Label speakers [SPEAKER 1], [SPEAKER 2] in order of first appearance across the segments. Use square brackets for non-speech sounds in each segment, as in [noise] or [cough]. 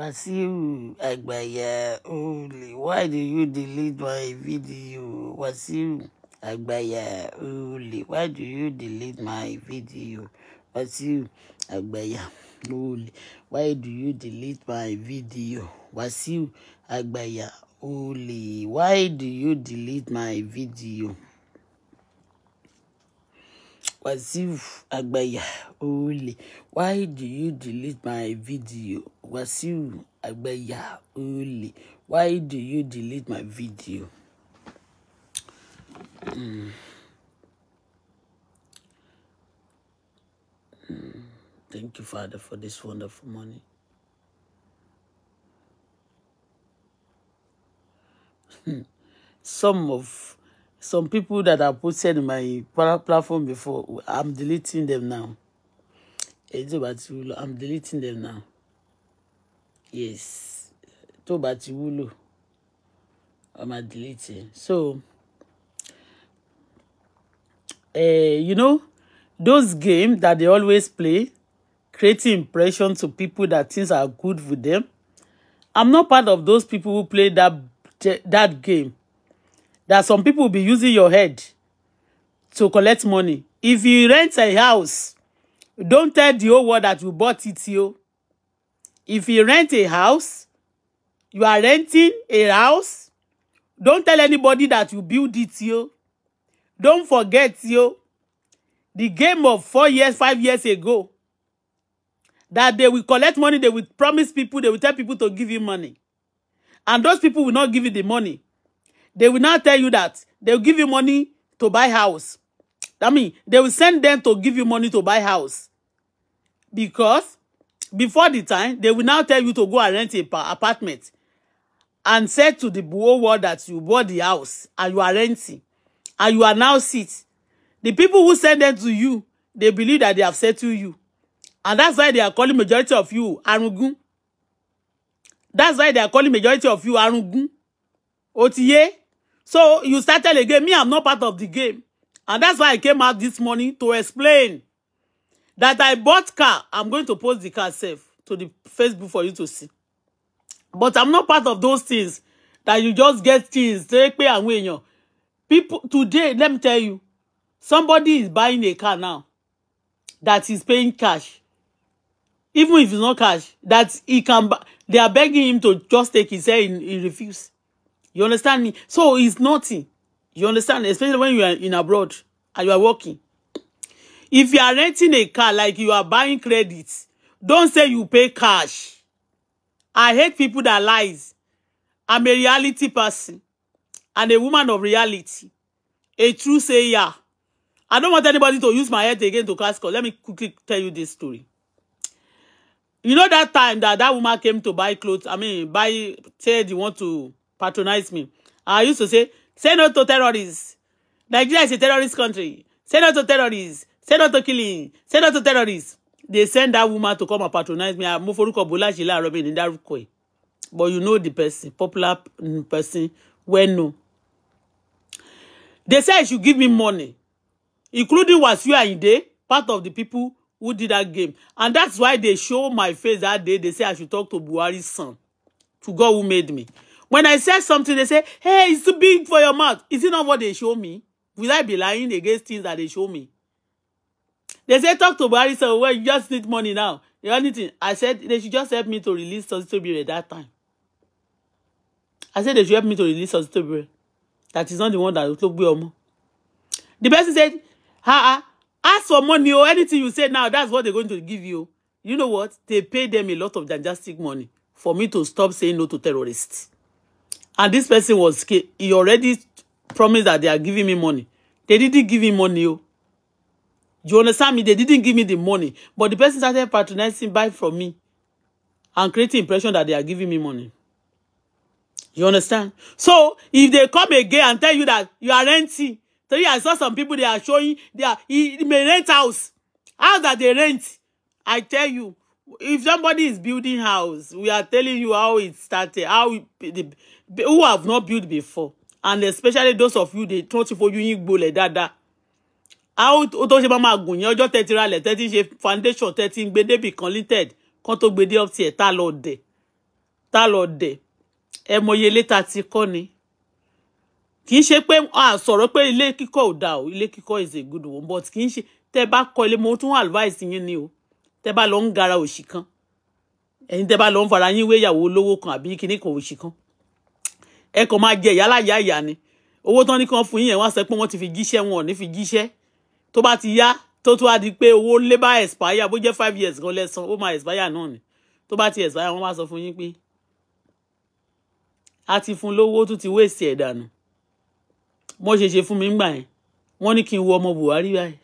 [SPEAKER 1] wàsíù àgbàyà olè why do you delete my video wàsíù àgbàyà olè why do you delete my video wàsíù àgbàyà olè why do you delete my video wàsíù àgbàyà olè why do you delete my video wazir agbaya ole why do you delete my video wazir agbaya ole why do you delete my video. Mm. Mm. Thank you, Father, for this wonderful money. Hmm. Some of some people that I posted in my platform before, I'm deleting them now. I'm deleting them now. Yes. Tó bá ti wúlò. I'm deleting. So, uh, you know, those games that they always play, creating impression to people that things are good with them. I'm not part of those people who play that that game that some people will be using your head to collect money. If you rent a house, don't tell the whole world that you bought it here. If you rent a house, you are renting a house, don't tell anybody that you build it here. Don't forget you the game of four years, five years ago, that they will collect money, they will promise people, they will tell people to give you money. And those people will not give you the money. They will now tell you that they will give you money to buy house. That mean they will send them to give you money to buy house. Because before the time, they will now tell you to go and rent a apartment and say to the whole world that you bought the house and you are renting and you are now sit. The people who send them to you, they believe that they have settled you. And that's why they are calling majority of you Arugun. That's why they are calling majority of you Arugun. Ó So you started again. Me, I'm not part of the game. And that's why I came out this morning to explain that I bought car. I'm going to post the car safe to the Facebook for you to see. But I'm not part of those things that you just get things. Take pay and win your people today. Let me tell you, somebody is buying a car now that is paying cash. Even if it's not cash, that he can. They are begging him to just take his say, He, he refused. You understand me? So it's nothing. You understand? Especially when you are in abroad and you are working. If you are renting a car like you are buying credit, don't say you pay cash. I hate people that lies. I'm a reality person and a woman of reality, a true sayer. I don't want anybody to use my head again to cast call. Let me quickly tell you this story. You know that time that that woman came to buy clothes, I mean, buy, say you want to patronize me. I used to say, say no to terrorists. Nigeria is a terrorist country. Say no to terrorists. Say no to killing. Say no to terrorists. They send that woman to come and patronize me. Ah, mo forúkọ Bọ́lá ṣe láàárọ̀ robin in that way. But you know the person, popular mm, person, well no. They say I should give me money, including you Wasiu Ayinde, part of the people who did that game. And that's why they show my face that day. They say I should talk to Buhari's son, to God who made me. When I say something, they say, hey, it's too big for your mouth. Is it not what they show me? Will I be lying against things that they show me? They say, talk to Buhari, so well, you just need money now. You only thing, I said, they should just help me to release Sositobire at that time. I said, they should help me to release Sositobire. That is not the one that will be on. The person said, ha, ha, ask for money or oh, anything you say now, that's what they're going to give you. You know what? They pay them a lot of gigantic money for me to stop saying no to terrorists and this person was he already promised that they are giving me money they didn't give him money o oh. you understand me they didn't give me the money but the person started patronizing buy from me and create the impression that they are giving me money you understand so if they come again and tell you that you are renting so yeah, I saw some people they are showing they are he, he may rent house How that they rent I tell you if somebody is building house we are telling you how it started how it, the who have not built before and especially those of you dey tán ti fojú yín gbolẹ̀ dáadáa how tó ṣe máa máa gùn yín ọjọ́ tẹ́tí thirty tẹ́tí ṣe foundation tẹ́tí ń gbé débì kan limited kan tó gbé dé up tiẹ̀ tá lọ dẹ̀ tá lọ dẹ̀ ẹ mọye létà ti kọ́ ni kì í ṣe pé a sọ̀rọ̀ pé ilé kíkọ́ is a good one but kì í ṣe tẹ́ bá kọ́ ilé mo tún advice yín ni o tẹ́ bá lọ gara òṣì And ẹ̀yin tẹ́ bá lọ ń fara yín wéyàwó olówó kan àbí kinní ẹ kàn máa jẹ ìyáláyà ìyá ni owó tán ní kan fún yín yẹn wá sọ pé wọ́n ti fi jíṣẹ́ wọn ò ní fi jíṣẹ́ tó bá ti yá tó tó wá di pé owó labour expire bó jẹ́ five years gan lẹ́sàn ó máa expire náà ni tó bá ti expire wọ́n wá sọ fún yín pé a ti fún lówó tó ti wéèsì ẹ̀ dànù mo ṣe ṣe fún mi ńgbà yẹn wọ́n ní kí n wo ọmọ Buhari báyìí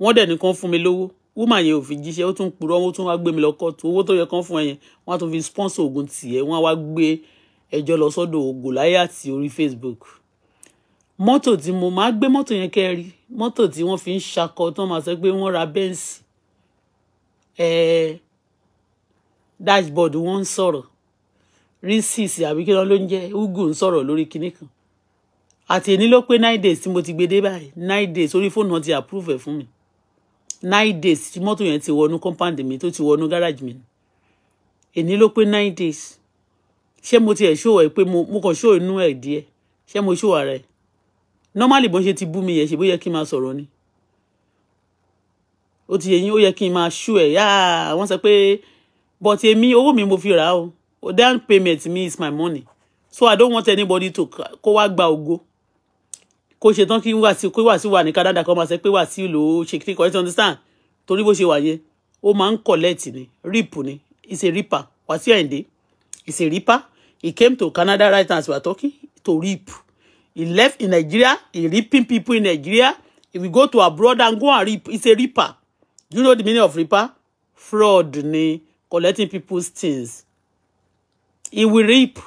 [SPEAKER 1] wọ́n dẹ̀ nìkan fún mi lówó wúmà yẹn ò fi jíṣẹ́ ó tún purọ́ ó tún wá gbé mi lọ kọ́ọ̀tù owó tó yẹ kán fún ẹ yẹn wọ́n á tún fi sponsor oògùn tì ẹ́ wọ́n á wá gbé ẹjọ́ lọ sọ́dọ̀ gòláyàtì orí facebook mọ́tò tí mo máa gbé mọ́tò yẹn kẹ́rí mọ́tò tí wọ́n fi ń ṣakọ tán máa sọ pé wọ́n ra bẹ́ǹsì dashboard wọ́n ń sọ̀rọ̀ rísìsì àbí kí ló ń jẹ́ ugu ń sọ̀rọ̀ lórí kinní kan àti èní ló pé nine days tí mo ti gbé dé báyìí nine days orí fóònù wọn ti approve ẹ̀ fún mi nine days tí mọ́tò yẹn ti wọnú compound mi tó ti wọnú garage mi èní ló pé nine days ṣé mo tiẹ̀ ṣó ẹ pé mo kàn ṣó inú ẹ̀ díẹ̀ ṣé mo ṣó ara ẹ̀ normally bó ṣe ti bú mi yẹn ṣe bó yẹ kí n máa sọ̀rọ̀ ni ó ti yẹ yín ó yẹ kí n máa ṣó ẹ̀ yá wọ́n sọ pé but èmi owó mi mo fi rà á o down payment me. is my money so I don't want anybody to kó wá gba ògo kó ṣe tán kí wàsí kó wàsí wà ní kádàdà kan máa sọ pé wàsí lò ó ṣe kí kò understand torí bó ṣe wà yẹn ó máa ń collect ni rip ni is a ripper wàsí ẹ̀ǹdẹ́ is a ripper He came to Canada right as we are talking to reap. He left in Nigeria. He reaping people in Nigeria. If we go to abroad and go and reap. it's a reaper. Do you know the meaning of reaper? Fraud, collecting people's things. He will reap.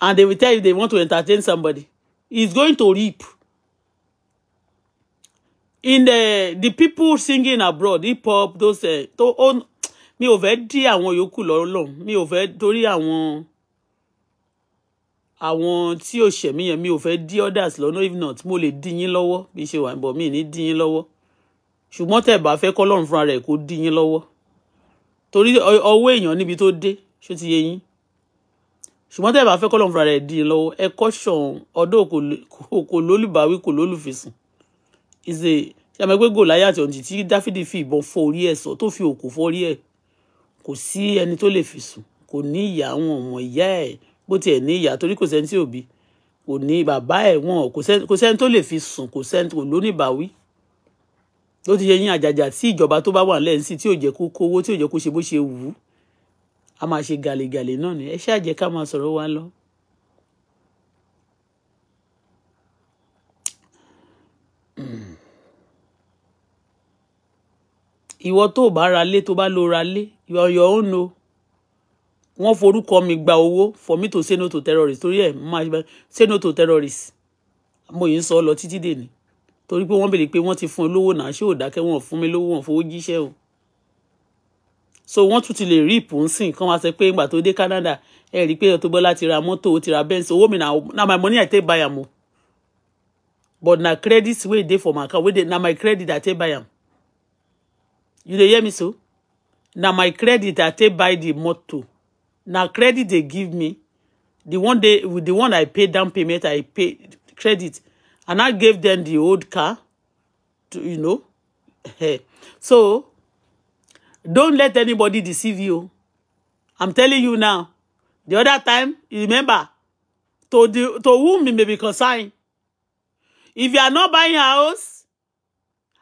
[SPEAKER 1] And they will tell you they want to entertain somebody. He's going to reap. In the the people singing abroad, hip hop, those uh, to own oh, mi ò fẹ́ dí àwọn yòókù lọ́rùn Me over fẹ́ torí àwọn àwọn tí ò ṣẹ̀mí yẹn mi ò fẹ́ dí others lọ́nà if not mo lè dí yín lọ́wọ́ bí ṣe wà ń bọ̀ mí ní dí yín lọ́wọ́ ṣùgbọ́n tẹ̀ bá fẹ́ kọ́lọ́run fúnra rẹ̀ kó dí yín lọ́wọ́ torí ọwọ́ èèyàn níbi tó dé ṣó ti yé yín ṣùgbọ́n tẹ̀ bá fẹ́ kọ́lọ́run fúnra rẹ̀ dí yín lọ́wọ́ ẹ kọ́ṣọ̀n ọ̀dọ́ kò lólùbáwí kò lólùfisùn ìṣe ṣàmẹ́gbẹ́ Gòláyátì ọ̀njì tí Dáfídì fi ìbọn fọ́ orí ẹ̀ sọ tó fi òkú fọ́ orí ẹ̀ kò sí ẹni tó lè fi sùn kò ní ìyá àwọn ọmọ ìyá ẹ̀ bó tiẹ̀ ní ìyá torí kò sẹ́ni tí ò bí kò ní bàbá ẹ̀ wọ́n kò sẹ́ni tó lè fi sùn kò sẹ́ni kò lóní ìbáwí ló ti yẹ yín àjàjà tí ìjọba tó bá wà lẹ́yìn sí tí ò jẹ́ kó kówó tí ò jẹ́ kó ṣe bó ṣe wù ú a máa ṣe gàlégàlé náà ni ẹ ṣáà jẹ́ ká máa sọ̀rọ̀ wa lọ. ìwọ tó bá ra lé tó bá lo ra lé you are your own wọ́n forúkọ mi gba owó for me to say no to terrorists torí ẹ̀ máa say no to terrorists mo yìí ń sọ ọ lọ títí dèní torí pé wọ́n béèrè pé wọ́n ti fún olówó náà ṣé ò dákẹ́ wọn fún mi lówó wọn fowó jíṣẹ́ o so wọ́n tún ti lè rí ìpòǹsìn kan wá sọ pé ìgbà tó dé Canada ẹ rí i pé Auto Bola ti ra mọ́tò ó ti ra Benz owó mi na my money I take buy am but na credit wey dey for my account wey dey na my credit I take buy am you dey hear me so na my credit I take buy the motor Now credit they give me the one they the one i paid down payment i paid credit and i gave them the old car to you know [laughs] eh. so don't let anybody deceive you i'm telling you now the other time remember to the to whom it may be consigned if you are not buying a house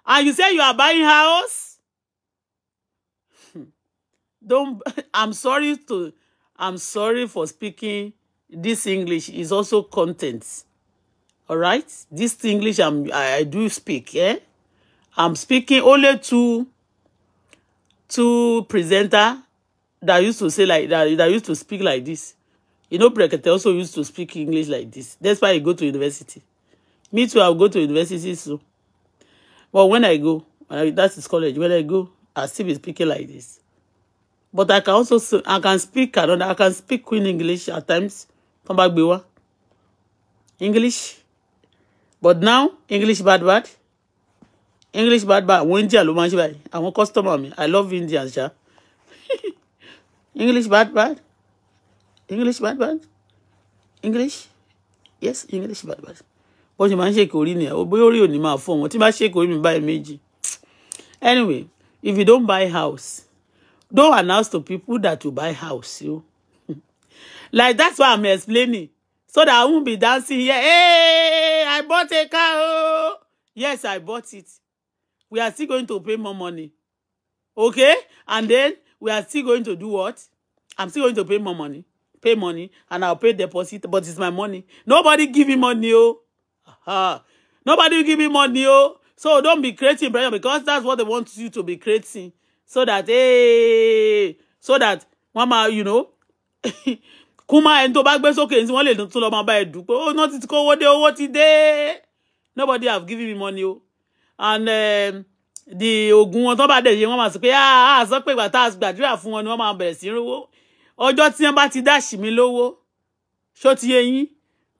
[SPEAKER 1] and you say you are buying a house [laughs] don't [laughs] i'm sorry to I'm sorry for speaking this English is also content. All right? This English I'm, I, I do speak, eh? I'm speaking only to two presenter that used to say like that, that used to speak like this. You know, Brekete also used to speak English like this. That's why I go to university. Me too, I'll go to university soon. But when I go, when that is college, when I go, I'll still be speaking like this but I can also I can speak another I can speak Queen English at times Come back, gbé English but now English bad bad English bad bad àwọn India ló máa ń ṣe customer me. I love Indians ṣá [laughs] English bad bad English bad bad English yes English bad bad bó you máa ń ṣèkè Obi ori bóyá ma phone. What you fún wọn tí bá ṣèkè anyway if you don't buy house don't announce to people that you buy house you [laughs] like that's why i'm explaining so that i won't be dancing here hey i bought a car oh yes i bought it we are still going to pay more money okay and then we are still going to do what i'm still going to pay more money pay money and i'll pay deposit but it's my money nobody give me money oh nobody give me money oh so don't be creating pressure because that's what they want you to be creating so that hey, so that wọ́n máa you know [laughs] kún máa ẹni tó bá gbé sókè tí wọ́n lè tún lọ máa bá ẹ dùn pé ó oh, náà ti kó owó dé owó ti dé nobody have given me money o and um, the ogun wọn tó bá dẹ̀ yé wọ́n máa sọ pé ah, ah sọ pé ìgbà tá a gbàdúrà fún wọn ni wọ́n máa bẹ̀rẹ̀ sí í rówó ọjọ́ tí wọ́n bá ti dáṣì mí lówó ṣó ti yé yín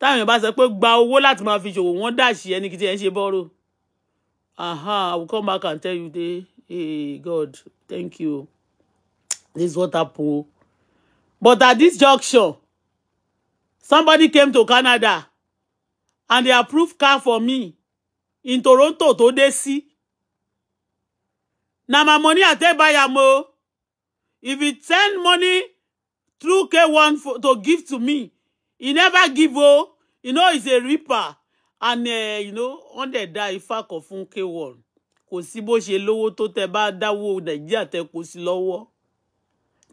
[SPEAKER 1] táwọn èèyàn bá sọ pé gba owó láti máa fi ṣòwò wọ́n dáṣì ẹni kìtì ẹ̀ ṣe bọ́rọ̀ aha I will come back and tell you dey. Hey, God, thank you. This what happened, But at this junction, somebody came to Canada and they approved car for me in Toronto to dey see. Na my money I there by am o. If he send money through K1 for, to give to me, he never give Oh, You know, he's a ripper, And, uh, you know, on the die, Ifa Kofun K1 kò sí bó ṣe lówó tó tẹ bá dáwó nàìjíríà tẹ kó sí lọ́wọ́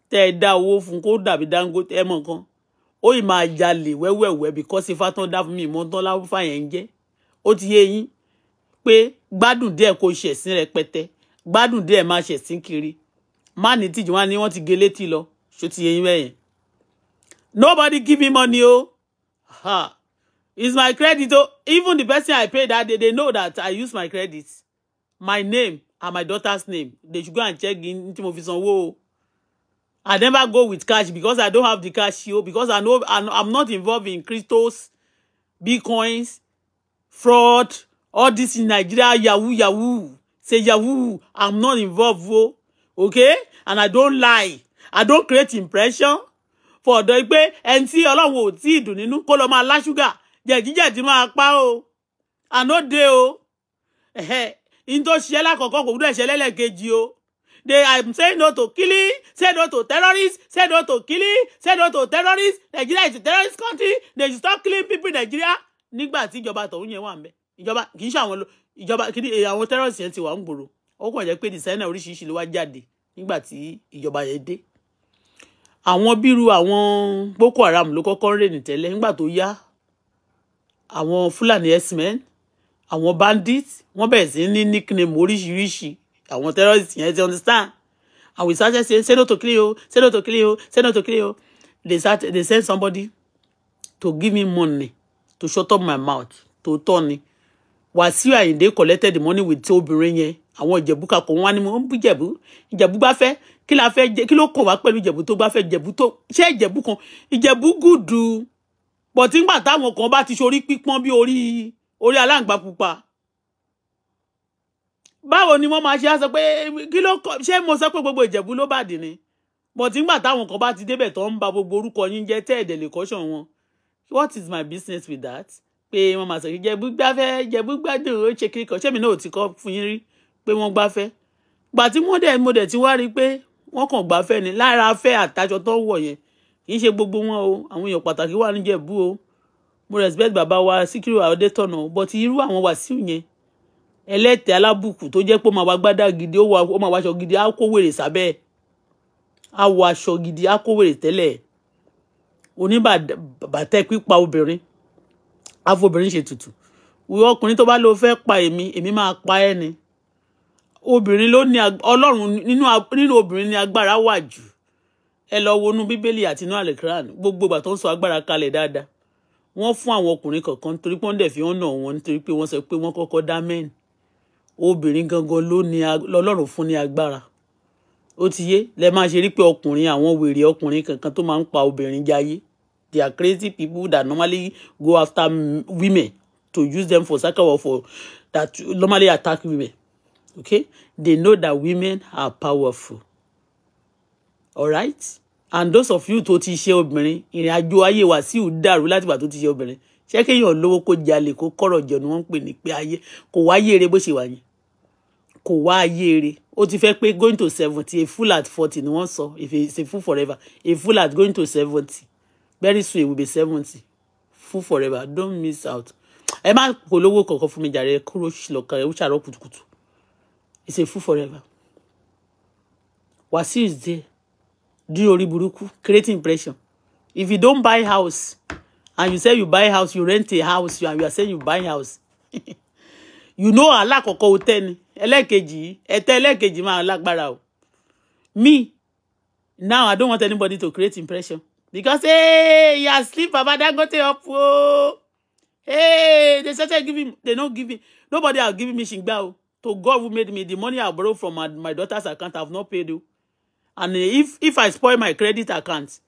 [SPEAKER 1] tẹ dá owó fún kó dàbí Dangote ẹ mọ ó ì máa jalè wẹ́wẹ́wẹ́ because ifá tán dá fún mi ìmọ̀ tán láwùfà yẹn ń jẹ́ ó ti yé yín pé gbádùn díẹ̀ kó ṣẹ̀sín rẹpẹtẹ gbádùn díẹ̀ máa ṣẹ̀sín kiri má ní tìjú wá ní wọ́n ti gé létí lọ ṣó ti yé yín bẹ́yẹn nobody give me money o ha is my credit o even the person I pay that day they know that I use my credit my name and my daughter's name they should go and check in tí mo fi i never go with cash because i don't have the cash o because i know i'm not involved in cryptos bitcoins fraud all this in nigeria yahoo yahoo say yahoo i'm not involved o okay and i don't lie i don't create impression for ọ̀dọ̀ pé ẹni tí ọlọ́run ò tí ì dùn nínú kó lọ máa lá ṣúgà jẹ̀díjẹ̀dí máa pa o ànóde o ẹ̀hẹ́ Into tó ṣiṣẹ́ lákọ̀ọ́kọ́ kò gbúdọ̀ ṣẹlẹ̀ lẹ́ẹ̀kejì o they are saying no to killing say no to terrorists say no to killing say no to terrorists Nigeria is a terrorist country they should stop killing people in Nigeria nígbà tí ìjọba tọ̀hún yẹn wà ń bẹ ìjọba kì í ṣe àwọn ìjọba kì í àwọn terrorists yẹn ti wà ń gbòòrò ó kàn jẹ́ pé designer oríṣiríṣi ló wá jáde nígbà tí ìjọba yẹn dé àwọn bíru àwọn Boko Haram ló kọ́kọ́ ń rè ní tẹ́lẹ̀ nígbà tó yá àwọn Fúlàní x-men àwọn bandit wọ́n bẹ̀rẹ̀ sí ní nickname oríṣiríṣi àwọn terrorist yẹn ti understand and we started saying say no to clean o say no to clean o say no o they start they send somebody to give me money to shut up my mouth to tọ́ ni Wàsíù Àyìndé collected the money with tí obìnrin yẹn àwọn ìjẹ̀bú kakọ̀ wọn ni mo ń bú ìjẹ̀bú ìjẹ̀bú bá fẹ́ kí la fẹ́ kí ló kàn wá pẹ̀lú ìjẹ̀bú tó bá fẹ́ ìjẹ̀bú tó ṣé ìjẹ̀bú kan ìjẹ̀bú gùdù bọ̀tí ńgbà táwọn kan bá ti ṣorí pípọ́n bí orí orí aláǹgbá pupa báwo ni wọ́n máa ṣe á sọ pé kí ló kọ ṣé mo sọ pé gbogbo ìjẹ̀bú ló bàdì ni bọ̀tí ńgbà táwọn kan bá ti débẹ̀ tó ń ba gbogbo orúkọ yín jẹ́ tẹ́ ẹ̀dẹ̀ lè kọ́ṣọ̀ wọn what is my business with that pé wọ́n máa sọ pé jẹ̀bú gbáfẹ́ jẹ̀bú gbádùn ó ṣe kíkọ ṣé mi náà ò ti kọ́ fún yín rí pé wọ́n gbáfẹ́ gbà tí wọ́n dẹ̀ mo dẹ̀ ti wá rí i pé wọ́n kàn gbáfẹ́ ni lára afẹ́ àtàjọ tó wọ̀ yẹn kì í ṣe gbogbo wọn o àwọn èèyàn pàtàkì wà níjẹ̀bú o mo respect bàbá wa Síkírù Adétọ̀nà but irú àwọn Wàsíù yẹn ẹlẹ́tẹ̀ alábùkù tó po ma ó máa wá gbádà gidi ó máa wá aṣọ gidi á kó wèrè sábẹ́ ẹ̀ á wọ aṣọ gidi á kó wèrè tẹ́lẹ̀ oníbàtẹ́ pípa obìnrin á fobìnrin ṣe tutù ìwọ ọkùnrin tó bá lọ fẹ́ pa èmi èmi máa pa ẹ́ ni obìnrin ló ní ọlọ́run nínú obìnrin ní agbára wà jù ẹ lọ wọnú bíbélì àti inú gbogbo ìgbà tó ń sọ agbára kalẹ̀ wọ́n fún àwọn ọkùnrin kọ̀ọ̀kan nítorí pé wọ́n dẹ̀ fi hàn wọn nítorí pé wọ́n sọ pé wọ́n kọ́kọ́ dá men obìnrin gangan ló ní lọ́lọ́run fún ní agbára ó ti yé lẹ máa ṣe rí pé ọkùnrin àwọn wèrè ọkùnrin kankan tó máa ń pa obìnrin jayé they are crazy people that normally go after women to use them for sacrifice for that normally attack women okay they know that women are powerful all right and those of you tó ti ṣe obìnrin ìrìn àjò ayé Wàsíù dàrú láti ìgbà tó ti ṣe obìnrin ṣé kéèyàn lówó kó jalè kó kọ̀rọ̀ jẹ ni wọ́n ń pè ní pé ayé kò wá ayé eré bó ṣe wà yẹn kò wá ayé eré ó ti fẹ́ pé going to seventy a full at forty ni wọ́n sọ if it's a full forever a full at going to seventy very soon it will be seventy full forever don't miss out ẹ má polówó kankan fún mi jàre kúrò lọ́kàn ẹ̀ ó ṣàrọ̀ kùtùkùtù it's a full forever Wàsíù is there Do your burúkú create impression if you don't buy house and you say you buy house you rent a house and you are saying you buy house [laughs] you know alákọ̀ọ́kọ́ lack tẹ́ ni ẹlẹ́ẹ̀kejì ẹ̀tẹ́ ẹlẹ́ẹ̀kejì máa lágbára o me now i don't want anybody to create impression because hey, you he has sleep baba dangote up Oh, hey they started giving they no give me, nobody are giving me shingbao. Oh. to god who made me the money i borrowed from my, my daughter's account i have not paid you. Oh. And eh, if if I spoil my credit account,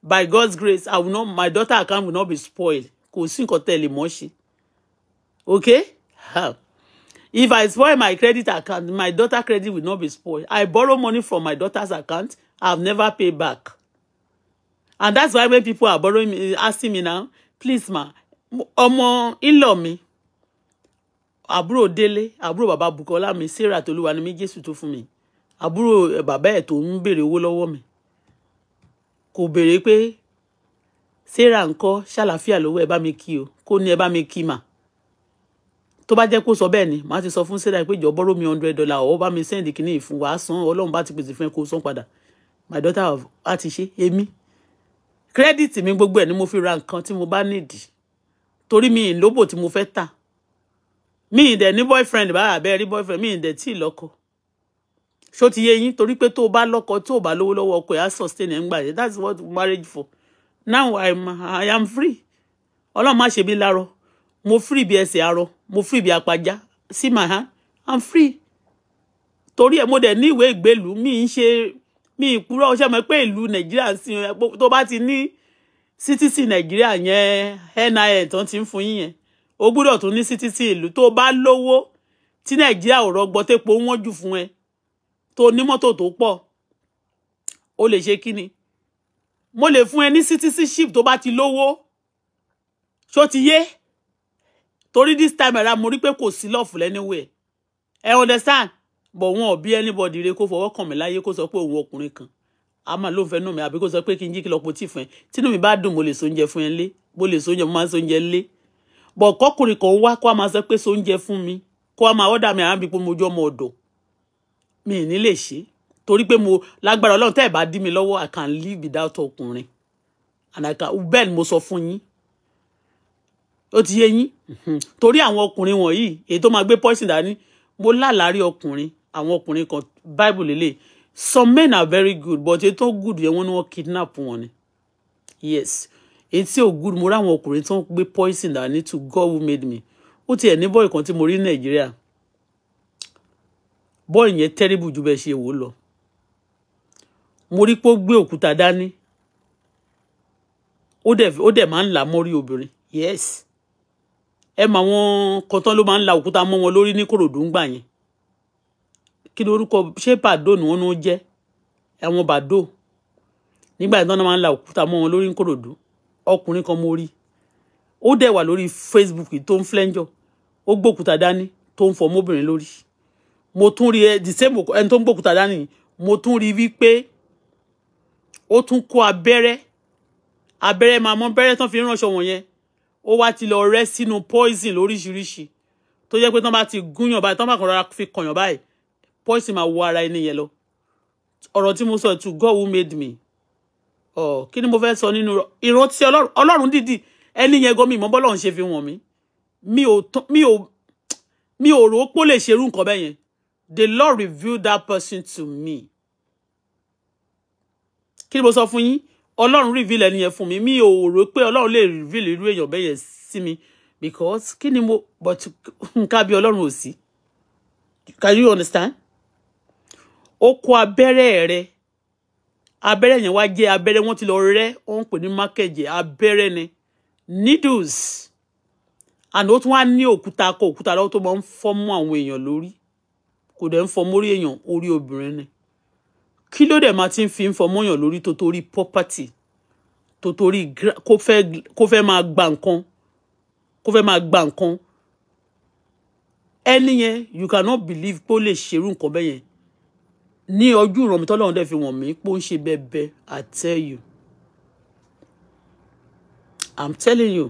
[SPEAKER 1] by God's grace, I will not my daughter account will not be spoiled. Kò sí nǹkan tẹ̀lé mọ́ ṣe. Okay? If I spoil my credit account, my daughter credit will not be spoiled. I borrow money from my daughter's account. I've never paid back. And that's why when people are borrowing me, asking me now, please ma, ọmọ in-law mi, àbúrò Délé, àbúrò bàbá Bùkọ́lá mi, Sarah Tolúwa mi Jésù tó fún mi àbúrò eh, bàbá ẹ̀ tó ń béèrè owó lọ́wọ́ mi kò béèrè pé sarah ńkọ́ ṣàlàáfíà lọ́wọ́ ẹ bá mi kí o kó ní ẹ bá mi kí mà tó bá jẹ́ kó sọ bẹ́ẹ̀ ni màá ti sọ fún sarah pé jọ bọ́rọ̀ mi hundred dollar ọ̀ bá mi send kìíní ìfún wàá san ọlọ́run bá ti pèsè fún ẹ kó san padà my daughter á ti ṣe èmi Credit mi gbogbo ẹ̀ ni mo fi ra nǹkan tí mo bá nídìí torí mi ìlóbò tí mo fẹ́ tà mi ìdẹ̀ ní boyfriend báyà bẹ́ẹ̀ rí boyfriend mi ìdẹ̀ tí ì lọ́kọ̀ọ́ ṣó ti yé yín torí pé tó o bá lọ́kọ tó o bá lówó lọ́wọ́ ọkọ ẹ̀ á sustain ẹ̀ ń gbà yẹn that's what marriage for now i'm i am free ọlọ́run má ṣe mí lárọ mo free bí ẹsẹ̀ arọ mo free bí apajá See my hand i'm free torí ẹ̀ mo dẹ̀ ní ìwé ìgbélú mi ń ṣe mi ìpúrọ̀ ṣe mọ̀ pé ìlú nàìjíríà sí tó bá ti ní citizen nàìjíríà yẹn NIN tó ti ń fún yín yẹn o gbúdọ̀ tún ní citizen ìlú tó bá lówó tí nàìjíríà ò rọgbọ tépo wọ́n jù fún ẹ tó ní mọ́tò tó pọ̀ o lè ṣe kí ni mo lè fún ẹ ní citizenship tó bá ti lówó ṣó ti yé torí this time around mo rí pé kò sí love anywhere ẹ understand but wọn ò bí anybody re kó fọwọ́ kàn mí láyé kó sọ pé òun ọkùnrin kan a máa ló ń fẹnu mi àbí kó sọ pé kí n jí kí lọ tí fún ẹ tínú mi bá dùn mo lè so oúnjẹ fún ẹ lé mo lè so oúnjẹ mo máa so oúnjẹ lé but kọkùnrin kan wá kó a máa sọ pé so oúnjẹ fún mi kó a máa ọ́dà mi àwọn ibi pé mo jọ ọmọ ọ̀dọ̀ mi ní lè ṣe Tori pe mo lágbára ọlọ́run tẹ́ ba di mi lọ́wọ́ i can live without ọkùnrin and i can bẹ́ẹ̀ ni mo sọ fún yín ó ti yé yín mm-hmm. torí àwọn ọkùnrin wọ̀nyí èyí tó máa gbé poison dání mo lálàárí ọkùnrin àwọn ọkùnrin kan bible lele. some men are very good but èyí tó good yẹn wọ́n ní kidnap wọn ni yes It's tí good mo rí àwọn ọkùnrin tó ń gbé poison dání to God who made me ó e ní bọ́ọ̀ kan ti mo rí ní bọ́ọ̀lù yẹn tẹ́rìbù ju bẹ́ẹ̀ ṣe wò ó lọ mo rí pé ó gbé òkúta dání ó dẹ̀ yes ẹ ló máa ń la òkúta mọ́ wọn lórí ní ń gbà yẹn kí ni orúkọ ṣé bàdó ni jẹ́ àwọn bàdó nígbà tí máa ń la òkúta mọ́ wọn lórí ní ọkùnrin kan mo rí ó mo tún rí eh, the same ẹni tó ń gbòkúta dání mo tún rí wípé ó tún kó abẹ́rẹ́ abẹ́rẹ́ máa mọ́ bẹ́rẹ́ tán fi ránṣọ wọ̀nyẹn ó wá ti lọ rẹ́ sínú poison lóríṣiríṣi tó jẹ́ pé tán bá ti gúnyàn báyìí tán bá kàn rárá fi kànyàn báyìí poison máa wọ ara ẹni yẹn lọ ọ̀rọ̀ tí mo sọ to God who made me ọ̀ kí ni mo fẹ́ sọ nínú ìrántí ọlọ́run dídì ẹni yẹn gan mi ìmọ̀ bọ́lọ́run ṣe fi wọ̀n mi mi ò mi ò mi ò rò ó pó lè ṣerú nǹkan bẹ́ẹ̀ yẹn the Lord revealed that person to me. Kini ni mo sọ fún yín? reveal ẹni yẹn fún mi. Mi ò rò pé Ọlọ́run lè reveal irú èèyàn bẹ́ẹ̀ yẹn sí mi because kini mo but nǹkan bí Ọlọ́run ò sí. Can you understand? Ó kó abẹ́rẹ́ abere abẹ́rẹ́ yẹn wá jẹ́ abẹ́rẹ́ wọ́n ti lọ rẹ́ wọ́n ń pè ní mákẹ́jẹ́ ni needles and ó tún wá ní òkúta kọ òkúta lọ́wọ́ tó máa ń fọ́ mọ́ àwọn èèyàn kò dẹ̀ ń fọmórí èèyàn orí obìnrin ni kí ló dẹ̀ máa ti ń fi ń fọmọ́yàn lórí tó torí property tó torí kó fẹ́ máa gba nǹkan kó fẹ́ máa gba nǹkan ẹni yẹn you cannot believe pé ó lè ṣerú nǹkan bẹ́ẹ̀ yẹn ní ọjọ́ ìrànmi tọ́lọ́run dẹ̀ fi wọ̀n mí pé ó ń ṣe bẹ́ẹ̀ bẹ́ẹ̀ I tell you I'm telling you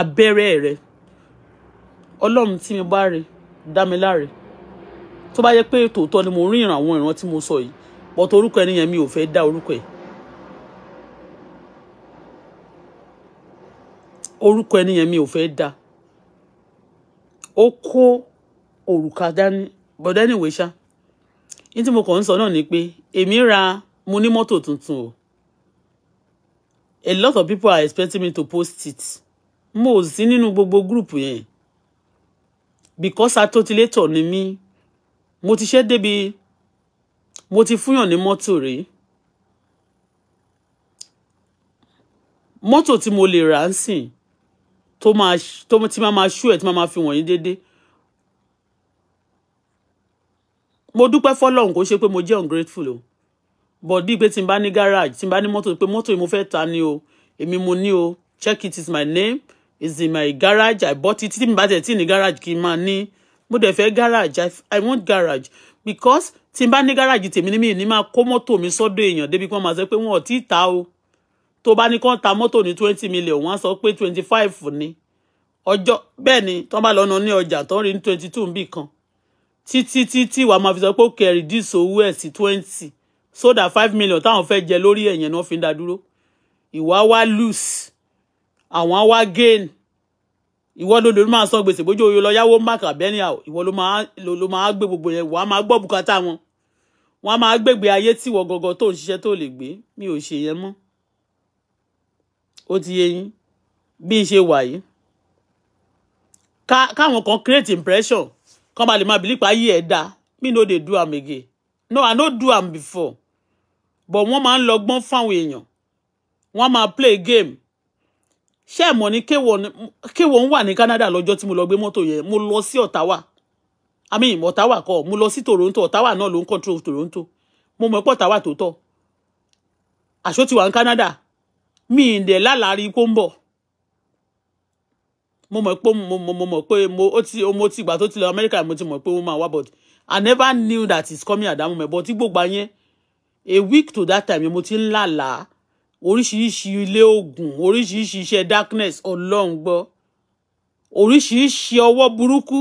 [SPEAKER 1] abẹ́rẹ́ rẹ ọlọ́run tí mi bá rí i Dámiláre tó bá yẹ pé tòótọ́ ni mo rí ìran àwọn ìran tí mo sọ yìí bọ́t orúkọ ẹni yẹn mi ò fẹ́ dá orúkọ ẹ̀ orúkọ ẹni mi ò fẹ́ dá ó kó òrùka dání bọ́dá anyway ṣá ní tí mo kàn ń sọ náà ni pé èmi ra mo ní mọ́tò tuntun o a lot of people are expecting me to post it mo ò sí nínú gbogbo gúrùpù yẹn because atotilétọ̀ ni mí mo ti ṣe débi mo ti fúnyàn ní mọ́tò rí mọ́tò tí mo lè rà ń sìn tó máa tó ti máa máa ṣú ẹ̀ tí máa máa fi wọ̀nyí déédéé mo dúpẹ́ fọ́lọ́run kò ṣe pé mo jẹ́ ungrateful o but bíi pé tí n bá garage tí n bá ní mọ́tò pé mọ́tò yìí mo fẹ́ ta ni o èmi mo ní o check it is my name is in my garage i bought it tí mi bá tẹ̀ garage kì í máa ní mo dẹ̀ fẹ́ garage I, want garage because tí n garage tèmi ní mi ní máa kó mọ́tò mi sọ́dọ̀ èèyàn débi pé wọ́n máa sọ pé wọn ò tí ta o tó bá ní kán ta mọ́tò ní twenty million wọ́n á sọ pé twenty five ni ọjọ́ bẹ́ẹ̀ ni tán bá lọ́nà ní ọjà tán rí ní twenty two nbì kan títí títí wàá máa fi sọ pé ó kẹrì díìsì owó ẹ̀ sí twenty so that five million táwọn fẹ́ jẹ lórí ẹ̀yẹn náà fi ń dá dúró ìwà wa loose àwọn wá gain ìwọ ló ló máa san gbèsè bójú oyo lọ yáwó mark abẹ́ni àwọ̀ ìwọ ló máa ló máa gbé gbogbo yẹn wọ́n á máa gbọ́ bùkátà wọn wọ́n á máa gbègbè ayé tìwọ gọgọ tó ń ṣiṣẹ́ tó lè gbé mi ò ṣe yẹn mọ́ ó ti yé yín bí n ṣe wà yìí káwọn kan create impression kan ba lè máa bìlípà ayé ẹ̀ dá mi no dey do am again no i no do am before but wọ́n máa ń lọ́gbọ́n fáwọn èèyàn wọ́n máa play game ṣé ẹ mọ̀ ní kéwọ ń wà ní Canada lọ́jọ́ tí mo lọ gbé mọ́tò yẹn mo lọ sí Ottawa I mean Ottawa kọ́ mo lọ sí Toronto Ottawa náà ló ń control Toronto mo mọ̀ pé Ottawa tó tọ́ àṣó wà ní Canada mi ì dẹ̀ lálàárí kó ń bọ̀ mo mọ̀ pé mo mọ̀ pé mo ti gbà tó ti lọ America mo ti mọ̀ pé mo máa wá bọ̀dì I never knew that it's coming at that moment but tí gbogbo ayẹn a week to that time mo ti ń lálàá oríṣiríṣi ilé oògùn oríṣiríṣi iṣẹ́ darkness ọlọ́run gbọ́ oríṣiríṣi ọwọ́ burúkú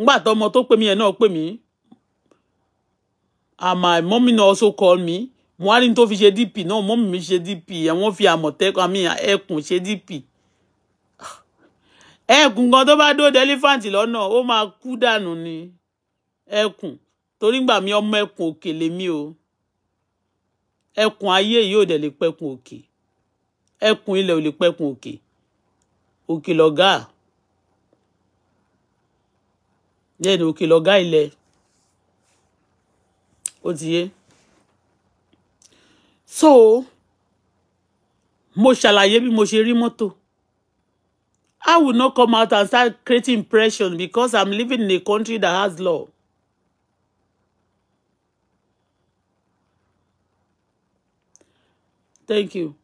[SPEAKER 1] ngbà tó ọmọ tó pè mí yẹn náà pè mí and my mummy náà also call me mo wá ní tó fi ṣe dp náà mọ́mì mi ṣe dp àwọn fi àmọ̀tẹ́kùn àmì ẹkùn ṣe dp ẹkùn kan tó bá dóde ẹlífàǹtì lọ́nà ó máa kú dànù ni ẹkùn torí gbà mí ọmọ ẹkùn òkèlè mi o ẹkùn ayé yìí ò dẹ̀ lè pẹkùn òkè ẹkùn ilẹ̀ ò lè pẹkùn òkè òkè lọ̀gá lẹ́nu òkè lọ̀gá ilẹ̀ ó ti yé so mo ṣàlàyé bí mo ṣe rí mọ́tò I will not come out and start creating impression because I'm living in a country that has law. Thank you.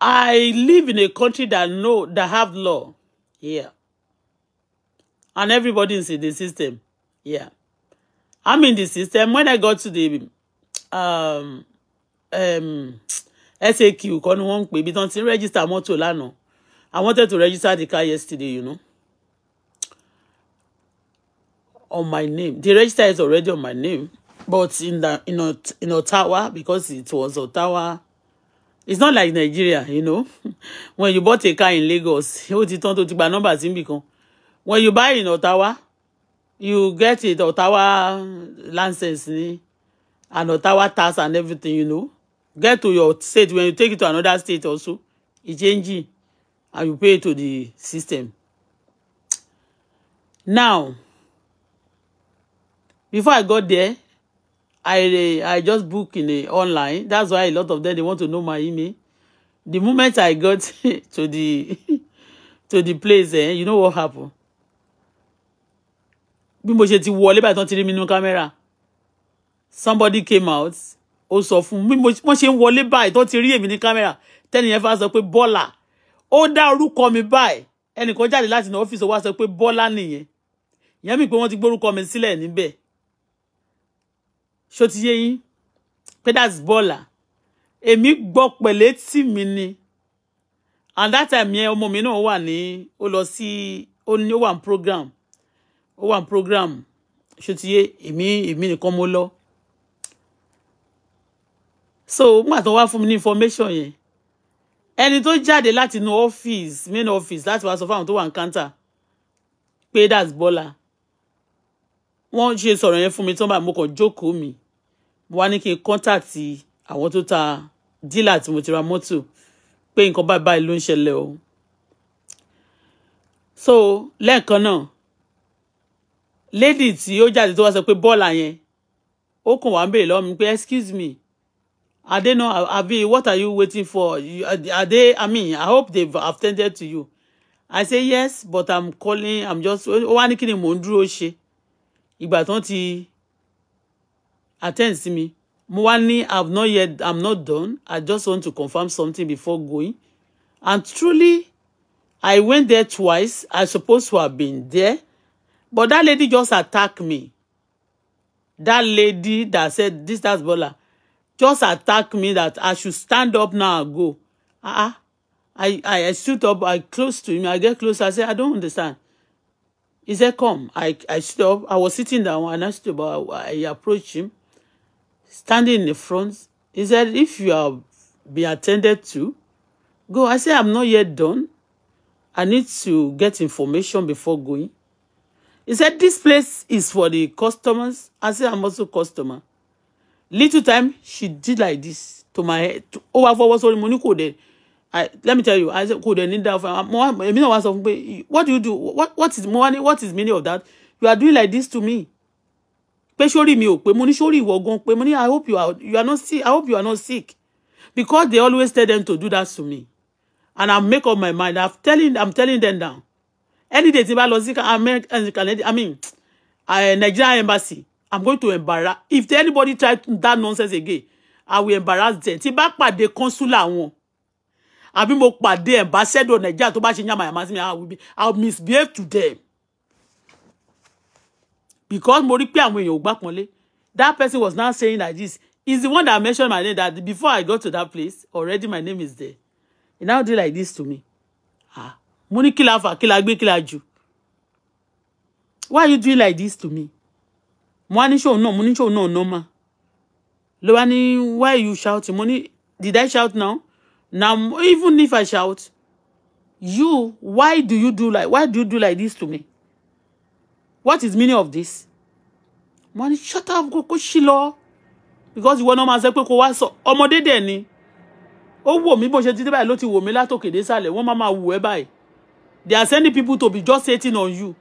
[SPEAKER 1] I live in a country that know that have law. Yeah. And everybody is in the system. Yeah. I'm in the system. When I got to the um um SAQ kan ni wọ́n ń pè register mọ́tò lánàá. I wanted to register the car yesterday, you know. On my name. The register is already on my name. But in the in, Ot in Ottawa, because it was Ottawa it's not like Nigeria you know [laughs] when you bought a car in Lagos you ti tán tó ti gba number sí ibì when you buy in Ottawa you get it Ottawa license ni and Ottawa tax and everything you know get to your state when you take it to another state also it change and you pay to the system now before I got there I I just book in the online. That's why a lot of them they want to know my email. The moment I got [laughs] to the to the place, eh, you know what happened? Bí mo ṣe ti wọlé báyìí tán ti rí mi nínú kámẹ́rà. Somebody came out. Ó sọ fún mi bí wọ́n ṣe ń wọlé báyìí tán ti rí èmi ní kámẹ́rà. Tẹ́nìyẹn fà sọ pé Bọ́lá. contact the orúkọ in the office jáde láti ní ọ́fíìsì wa sọ pé Bọ́lá nìyẹn. Ìyẹn mi pé come and see. mi sílẹ̀ níbẹ̀ ṣó ti yé yín pé that's bọ́ọ̀là èmi gbọ́ pẹ̀lẹ́ tì mí ni and that time yẹn ọmọ mi náà wà ní ó lọ sí ó ní ó wà program ó wà program ṣó ti yé èmi ni nìkan mo lọ so nígbà tó wá fún mi ní information yẹn ẹni tó jáde lati no office main office láti wa sọ fún àwọn tó wà ní counter pé that's bọ́ọ̀là wọ́n ṣe sọ̀rọ̀ yẹn fún mi tán bá mo kàn jókòó mi mo wá ní kí n kọ́ńtàtì àwọn tó ta dílà tí mo ti ra mọ́tò pé nǹkan báyìí báyìí ló ń ṣẹlẹ̀ o so lẹ́ẹ̀kan náà lady tí ó jáde tó wá sọ pé bọ́ọ̀lù àyẹn ó kàn wá ń béèrè lọ́wọ́ mi pé excuse me are they not abi what are you waiting for are they i mean i hope they've attended to you i say yes but i'm calling i'm just ó wá ní kí ni mò ń dúró ṣe ìgbà tán ti attend sí me, mo I've not yet i'm not done i just want to confirm something before going and truly i went there twice i supposed to have been there but that lady just attacked me that lady that said this that's Bola just attacked me that i should stand up now and go ah uh-uh. i i i stood up i close to him i get close i say i don't understand he said come i i stood up i was sitting down and i stood up i, I approached him standing in the front. He said, if you are being attended to, go. I said, I'm not yet done. I need to get information before going. He said, this place is for the customers. I said, I'm also customer. Little time, she did like this to my head. To, over for what's only money code. I, let me tell you, I said, could they need that for what do you do? What, what is money? What is meaning of that? You are doing like this to me pé sórí mi ò pé mo ní sórí ìwọ gan pé mo ní i hope you are you are not sick i hope you are not sick because they always tell them to do that to me and i make up my mind i'm telling i'm telling them now any day tí bá lọ sí american canadian i mean uh, Nigeria embassy i'm going to embarrass if anybody try that nonsense again i will embarrass them tí bá pàdé consular wọn àbí mo pàdé ambassador nigeria tó bá ṣe I will be i will misbehave to them because mo rí pé àwọn èèyàn ò gbà pọ́nlé that person was now saying like this is the one that mentioned my name that before I go to that place already my name is there he now do like this to me ah mo ní kí la fà kí la gbé why are you doing like this to me mo wá ní ṣòun náà mo ní ṣòun náà normal ló wá ní why you shout? mo ní did I shout now now even if I shout you why do you do like why do you do like this to me what is meaning of this mo shut up kó kó ṣí because you want to sọ pé kó wá sọ ọmọdé dẹ̀ ni ó wò mí bó ṣe ti dé báyìí ló ti wò mí látòkè dé sàlẹ̀ wọ́n máa máa wù ẹ́ báyìí they are sending people to be just sitting on you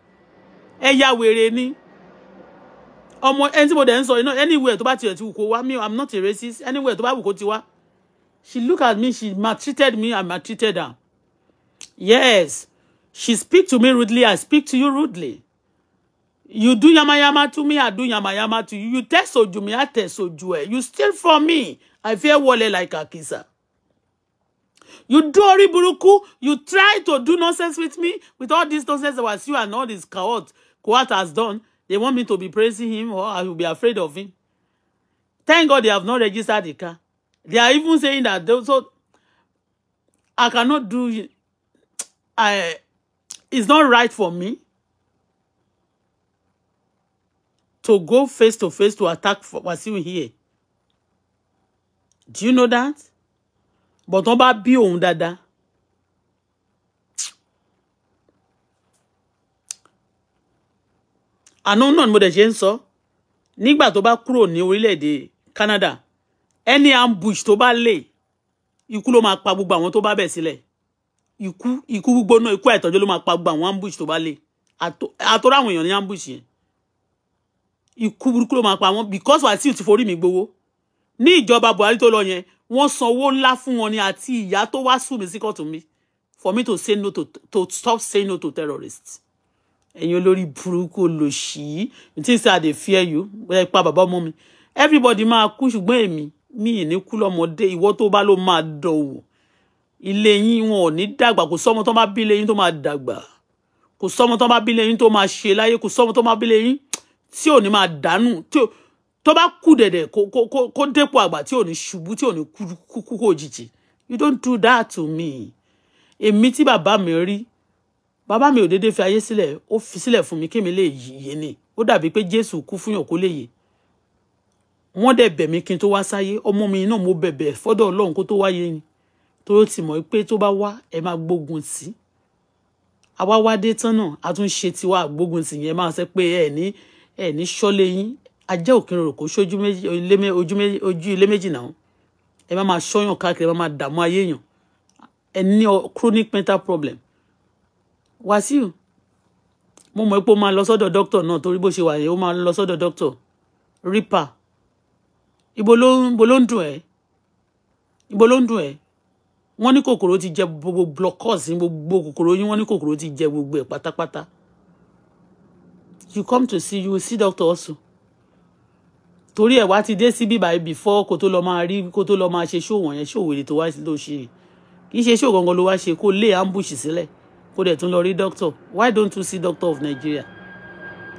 [SPEAKER 1] Hey, yeah, wèrè ni ọmọ ẹni tí mo dẹ̀ ń sọ anywhere to buy you to wù kó i'm not a racist anywhere to buy wù kó ti she look at me she maltreated me i maltreated her yes she speak to me rudely i speak to you rudely You do yamayama to me, I do yamayama to you. You text Oju me, I text Oju. You steal from me, I fear wọlé like a kisa. You do ori buruku, you try to do nonsense with me, with all this nonsense that was you and all this coward, Kuat has done. They want me to be praising him or I will be afraid of him. Thank God they have not registered the car. They are even saying that they, so I cannot do I it's not right for me to go face to face to attack Wasiu here. Do you know that? But wọ́n bá bí òun dáadáa. Àná náà ni mo dẹ̀ ṣe ń sọ. Nígbà tó bá kúrò Canada, any ambush tó bá lè, ikú ló máa pa gbogbo àwọn tó bá bẹ̀ sílẹ̀. Ikú ikú gbígbóná ikú àìtọ́jú ló máa pa gbogbo àwọn ambush tó bá lè. Àtọ́rọ̀ àwọn èèyàn ní ambush yẹn ikú burúkú ló máa pa wọn because Wàsíù ti forí mi gbowó ní ìjọba Buhari tó lọ yẹn wọ́n san owó ńlá fún wọn ni àti ìyá tó wá sùn mí sí kọ̀tún mi for me to say no to to stop saying no to terrorists ẹ̀yin olórí burúkú olòṣì you think say i dey fear you ẹ pa bàbá ọmọ mi everybody máa kú ṣùgbọ́n èmi mi ì ní kú lọ́mọdé ìwọ tó bá ló máa dọ̀wọ̀ ilé yín wọn ò ní dàgbà kò sọ́mọ tó bá bí ilé yín tó máa dàgbà kò sọ́mọ tó bá bí ilé yín tó máa ṣe láyé kò sọ́mọ tó bá bí ilé yín tí ò ní máa dànù tó bá kú dẹ̀dẹ̀ kó dépò àgbà tí ò ní ṣubú tí ò ní kú kó jìjì you don't do that to me èmi tí Baba mi rí bàbá mi ò déédéé fi ayé sílẹ̀ ó fi sílẹ̀ fún mi kí mi lè yé ni ó dàbí pé jésù kú fún yàn kó lè yé wọ́n dẹ̀ bẹ̀ mí kí n tó wá sáyé ọmọ mi náà mo bẹ̀bẹ̀ fọ́dọ̀ ọlọ́run kó tó wáyé ni tó ti mọ̀ pé tó bá wá ẹ máa gbógun tì í àwa wá dé tán náà a tún ṣe tiwa gbógun tì yẹn máa sẹ pé ẹ ní ẹ ní ṣọ́lé yín ajẹ́ òkèrò kò ṣojú méjì ojú ilé méjì náà ẹ má máa ṣọ́yàn káàkiri ẹ má máa dààmú ayé èèyàn ẹ ní chronic mental problem Wàsíù mo mọ̀ pé ó máa lọ sọ́dọ̀ dókítọ̀ náà torí bó ṣe wà yẹn ó máa lọ sọ́dọ̀ dókítọ̀ rípa ibo ló ń dùn ẹ́ ibo ló ń dùn ẹ́ wọ́n ní kòkòrò ti jẹ gbogbo blockers gbogbo kòkòrò yín wọ́n ní kòkòrò ti jẹ gbogbo ẹ̀ pátápátá you come to see you will see doctor also torí ẹ̀ wá ti dé síbí báyìí before kó tó lọ máa rí kó tó lọ máa ṣe ṣó wọ̀nyẹn ṣó wèrè tó wá ló ṣe kì í ṣe ṣó gangan ló wá ṣe kó lé ambush sílẹ̀ kó dẹ̀ tún lọ rí doctor why don't you see doctor of Nigeria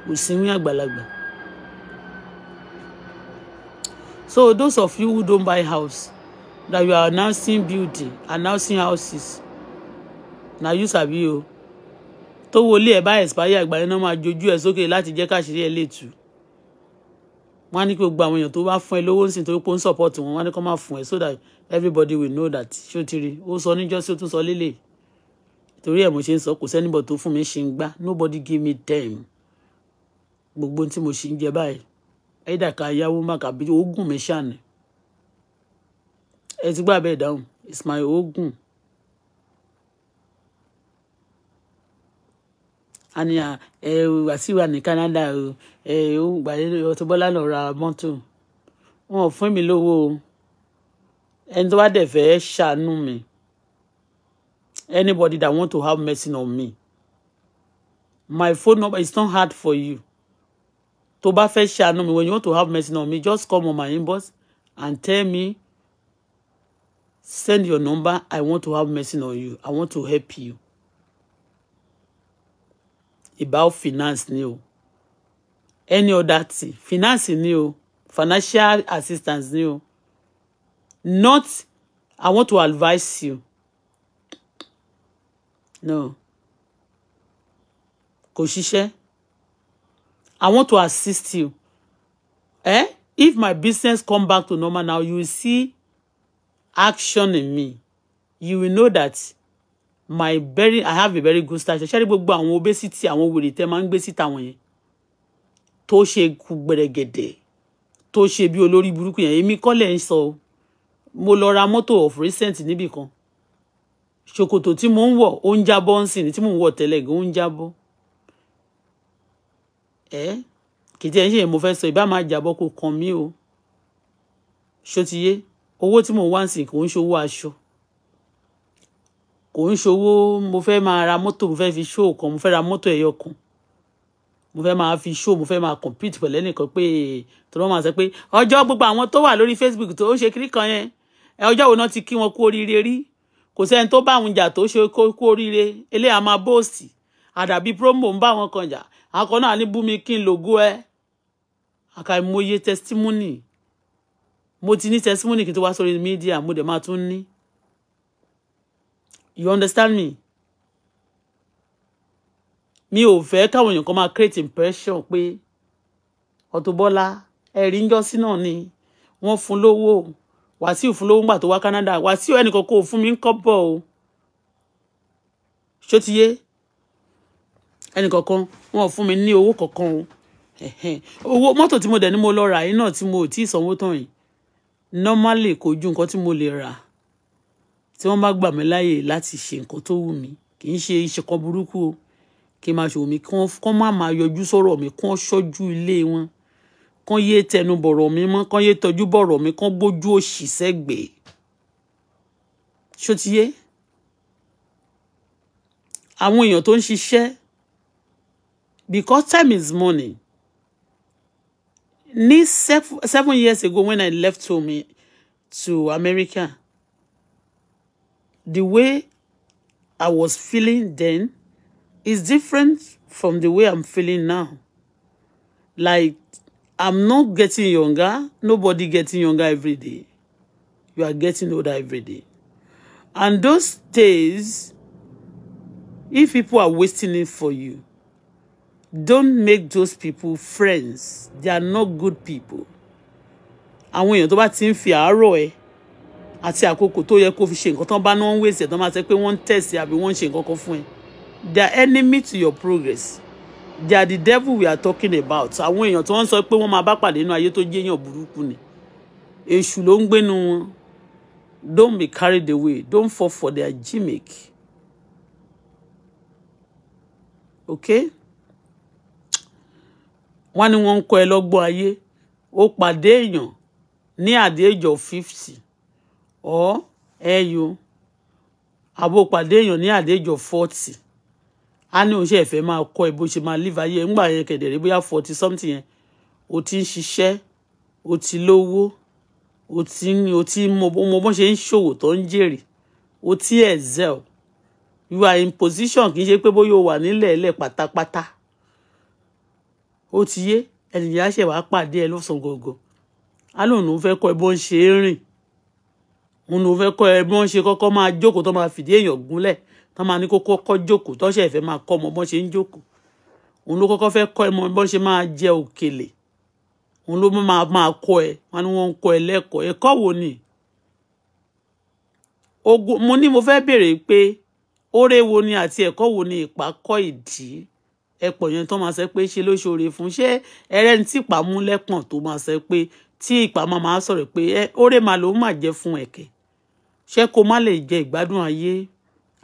[SPEAKER 1] kò sí ní àgbàlagbà. so those of you who don't buy house that you are announcing building announcing houses na you sabi o. Oh tó wọlé ẹ̀ bá expire ìgbà yẹn náà máa jojú ẹ̀ sókè láti jẹ́ káṣírí ẹ̀ lè tú wọ́n á ní kí gbogbo àwọn èèyàn tó bá fún ẹ lówó nísìnyí torí pé ó ń support wọn wọ́n á ní kó máa fún ẹ so that everybody will know that ṣó ti rí ó sọ níjọ́sí ó tún sọ lélẹ̀ torí ẹ̀ mo ṣe ń sọ kò sẹ́nìbọ̀ tó fún mi ṣe ń gbá nobody give me time gbogbo tí mo ṣe ń jẹ báyìí ẹ̀dà ká yáwó má kàbí oògùn mi ṣàn ẹ̀ ti gbà bẹ́ẹ̀ dáhùn Ismail oògùn àní Wàsíù wà ní Canada o ó gbà Auto Bola lọ ra mọ́tò wọn ò fún mi lówó o ẹni tó bá dẹ̀ fẹ́ ṣàánú mi anybody that want to have mercy on me my phone number is not hard for you tó bá fẹ́ ṣàánú mi when you want to have mercy on me just come on my inbox and tell me send your number i want to have mercy on you i want to help you about finance ni o any other thing finance ni o financial assistance ni o not i want to advise you no kò ṣiṣẹ́ i want to assist you eh if my business come back to normal now you will see action in me you will know that my very i have a very good style ṣe rí gbogbo àwọn obesity àwọn wèrè tẹ máa ń gbé síta wọn yẹn tó ṣe kú gbẹrẹgẹdẹ tó ṣe bí olórí burúkú yẹn èmi kọ́lẹ̀ ń sọ mo lọ ra mọ́tò of recent níbì kan ṣòkòtò tí mo ń wọ̀ ó ń jábọ́ ń sìn tí mo ń wọ̀ tẹ́lẹ̀ gan ó ń jábọ́ ẹ kìtì ẹ̀ ń ṣe mo fẹ́ sọ ìbá máa jábọ́ kò kàn mí o ṣó ti yé owó tí mo wá ń sìn kò ń ṣòwò aṣọ kò ń ṣòwò mo fẹ́ máa ra mọ́tò mo fẹ́ fi ṣó kan mo fẹ́ ra mọ́tò ẹ̀yọ kan mo fẹ́ máa fi ṣó mo fẹ́ máa compete pẹ̀lú ẹnìkan pé tọ́lọ́ máa sọ pé ọjọ́ gbogbo àwọn tó wà lórí Facebook tó ń ṣe kiri kan yẹn ọjọ́ wo náà ti kí wọn kú oríire rí kò sẹ́ni tó bá àwọn jà tó ṣe kú oríire eléyà máa bóòsì àdàbí promo ń bá wọn kan jà akọ náà ní búmi kí n lògo ẹ àkàìmọye testimony mo ti ní testimony kí n tó wá sórí mídíà mo dẹ̀ máa tún ní you understand me mi ò fẹ́ káwọn èèyàn kan máa create impression pé Auto Bola ẹ̀rí ń jọ́sí náà ni wọ́n fún lówó Wàsíù fún lówó ńgbà tó wá Canada Wàsíù eni kò fún mi ń kọ́bọ̀ o ṣó ti yé ẹnìkankan wọn ò fún mi ní owó kankan o owó mọ́tò tí mo dẹ̀ ní mo lọ rà yìí náà tí mo ò tí ì sanwó normally kò ju nǹkan tí mo lè rà tí wọ́n bá gbà mí láàyè láti ṣe nǹkan tó wù mí kì í ṣe ìṣẹ̀kan burúkú o kí n máa ṣòwò mi kán má máa yọjú sọ̀rọ̀ mi kán ṣọ́jú ilé wọn kán yé tẹnu bọ̀rọ̀ mi mọ́ kán yé tọ́jú bọ̀rọ̀ mi kán gbójú òṣì sẹ́gbẹ̀ẹ́ ṣó ti yé àwọn èèyàn tó ń ṣiṣẹ́ because time is money ní seven years ago when I left home eh, to America the way I was feeling then is different from the way I'm feeling now. Like, I'm not getting younger. Nobody getting younger every day. You are getting older every day. And those days, if people are wasting it for you, don't make those people friends. They are not good people. Àwọn èèyàn tó bá ti ń fi àárọ̀ àti àkókò tó yẹ kó fi ṣe nǹkan tán bá náà ń wèsì tán máa sọ pé wọ́n ń tẹ̀sí àbí wọ́n ń ṣe nǹkan kan fún ẹ they are enemy to your progress they are the devil we are talking about àwọn èèyàn tí wọ́n ń sọ pé wọ́n máa bá pàdé inú ayé tó jẹ́ èèyàn burúkú ni èṣù ló ń gbénu wọn don't be carried away don't fall for their gimmick okay wọ́n ní wọ́n ń kọ́ ẹ lọ́gbọ́n ayé ó pàdé èèyàn ní at the age fifty or ẹyọ àbò pàdé èèyàn ní àdéjọ forty á ní òun ṣe ẹ̀fẹ́ máa kọ́ ẹ bó ṣe máa live ayé ńgbà yẹn kẹ̀dẹ̀rẹ́ bóyá forty something yẹn o ti ń ṣiṣẹ́ o ti lówó o ti ń o ti mọ mọ bó ṣe ń ṣòwò tó ń jèrè o ti excel you are in position kì í ṣe pé bóyá o wà nílẹ̀ ẹ̀lẹ̀ pátápátá ó ti yé ẹnìyàn á ṣẹ̀ wá pàdé ẹ lọ́sàn-án gọ̀ọ̀gọ̀ á lóun ló fẹ́ kọ́ ẹ bó ń ṣe é rìn mo ní mo fẹ́ kọ́ ẹ bí wọ́n ṣe kọ́kọ́ máa jókòó tó máa fìdí èèyàn gúnlẹ̀ tó máa ní kó kọ́kọ́ jókòó tó ṣẹ̀ fẹ́ máa kọ́ ọmọ bọ́n ṣe ń jókòó òun ló kọ́kọ́ fẹ́ kọ́ ẹ mọ bọ́n ṣe máa jẹ òkèlè òun ló máa máa kọ́ ẹ wọn ni wọ́n ń kọ́ ẹ lẹ́kọ̀ọ́ ẹ̀kọ́ wo ni ogun mo ní mo fẹ́ béèrè pé oore wo ni àti ẹ̀kọ́ wo ni ìpá kọ́ ìdí ẹ̀pọ̀ yẹn tó máa sọ pé ṣe ló ṣoore fún ṣé ẹrẹ́ ní tí ìpá mú lẹ́pọ̀n tó máa sọ pé tí ìpá máa máa sọ̀rọ̀ pé oore màá ló máa jẹ́ fún ẹ̀kẹ́ ṣé kó má lè jẹ ìgbádùn ayé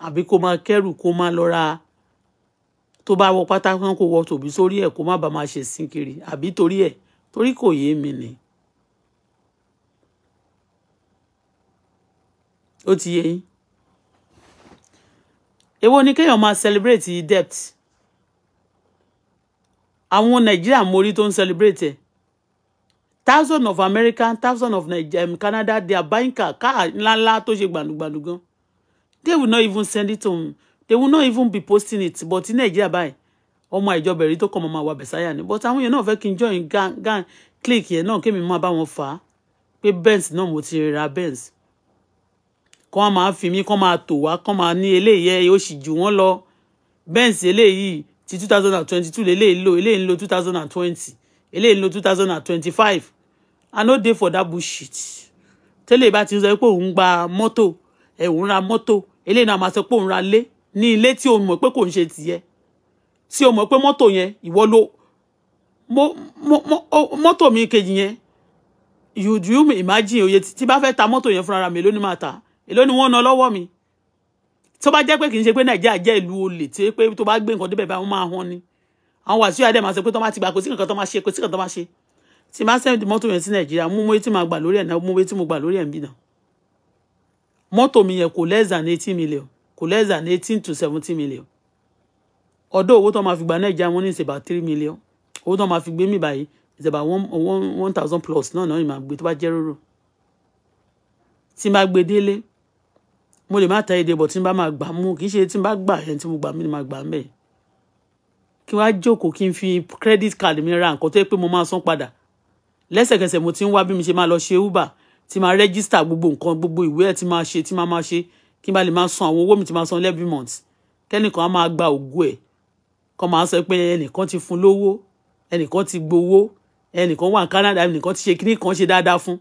[SPEAKER 1] àbí kó má kẹ́rù kó má lọ ra tó bá wọ pátá kó wọ tòbí sórí ẹ̀ kó má bàa máa ṣe sin kiri àbí torí ẹ̀ torí kò yé mi ni. ó ti yé yín èwo ni kéèyàn máa celebrate debt àwọn Nàìjíríà mórí tó ń celebrate ẹ̀ thousand of American thousand of Nigeria, Canada they are buying car car ńláńlá tó ṣe gbàndùgbàndù gan they will not even send it to him they will not even be posting it but in Nigeria báyìí ọmọ ìjọba èrí tó kọ ọmọ máa wà ni but àwọn yẹn náà fẹ́ kí join gang gang click here. No, kémi máa bá wọn fà á Pe Benz no mo ti ra Benz kọ́ máa fi mí kọ́ máa tò wá kọ́ máa ní eléyìí ó sì jù wọ́n lọ Benz eléyìí ti two thousand and twenty two lélẹ́yìí lò eléyìí ń two thousand and twenty eléyìí ń two thousand and twenty five i no dey for that bullshit tẹ́lẹ̀ bá ti sọ pé òun gba mọ́tò ẹ̀ òun ra mọ́tò eléyìí náà máa sọ pé òun ra lé ní ilé tí o mọ̀ pé kò ń ṣe tìyẹ tí o mọ̀ pé mọ́tò yẹn ìwọ ló mọ́tò mi kejì yẹn you you imagine oye tí bá fẹ́ ta mọ́tò yẹn fúnra mi èló ni máa ta èló ni wọ́n ná lọ́wọ́ mi tó bá jẹ́ pé kì í ṣe pé nàìjíríà jẹ́ ìlú olè tí pé tó bá gbé nǹkan débẹ̀ bá wọn máa hàn ni àwọn wàásù yàrá dẹ̀ máa sọ pé tó máa ti gbà kò sí nǹkan tó máa ṣe kò sí nǹkan tó máa ṣe tí máa send mọ́tò yẹn sí nàìjíríà mú mọ́ etí máa gbà lórí ẹ̀ náà mú etí mo gbà lórí ẹ̀ ń bì náà mọ́tò mi yẹn kò less than eighteen million kò less than eighteen to seventeen million ọ̀dọ̀ owó tó máa fi gba nàìjíríà wọn ní ìṣèbà three million owó tó ma fi gbé mi báyìí ìṣèbà one one one thousand plus náà náà ìmọ̀ àgbẹ̀ tó bá jẹ́ rúrú tí n bá gbé délé mo lè má ta èdè bọ̀ tí n bá máa gbà mú kì í ṣe tí n bá gbà yẹn tí mo gbà mí ni máa gbà mẹ́ẹ̀ kí n wá jókòó kí n fi credit card mi ra nǹkan tó yẹ pé mo máa san padà lẹ́sẹ̀kẹsẹ̀ mo ti ń wá bí mi ṣe máa lọ ṣe uber ti máa rẹ́gísítà gbogbo nǹkan gbogbo ìwé ẹ̀ ti máa ṣe ti máa máa ṣe kí n bá lè máa san àwọn owó mi ti máa san every month kẹ́nìkan á máa gba ògo ẹ̀ kan máa sọ pé ẹnìkan ti fún lówó ẹnìkan ti gbowó ẹnìkan wà ní Canada ẹnìkan ti ṣe kíní kan ṣe dáadáa fún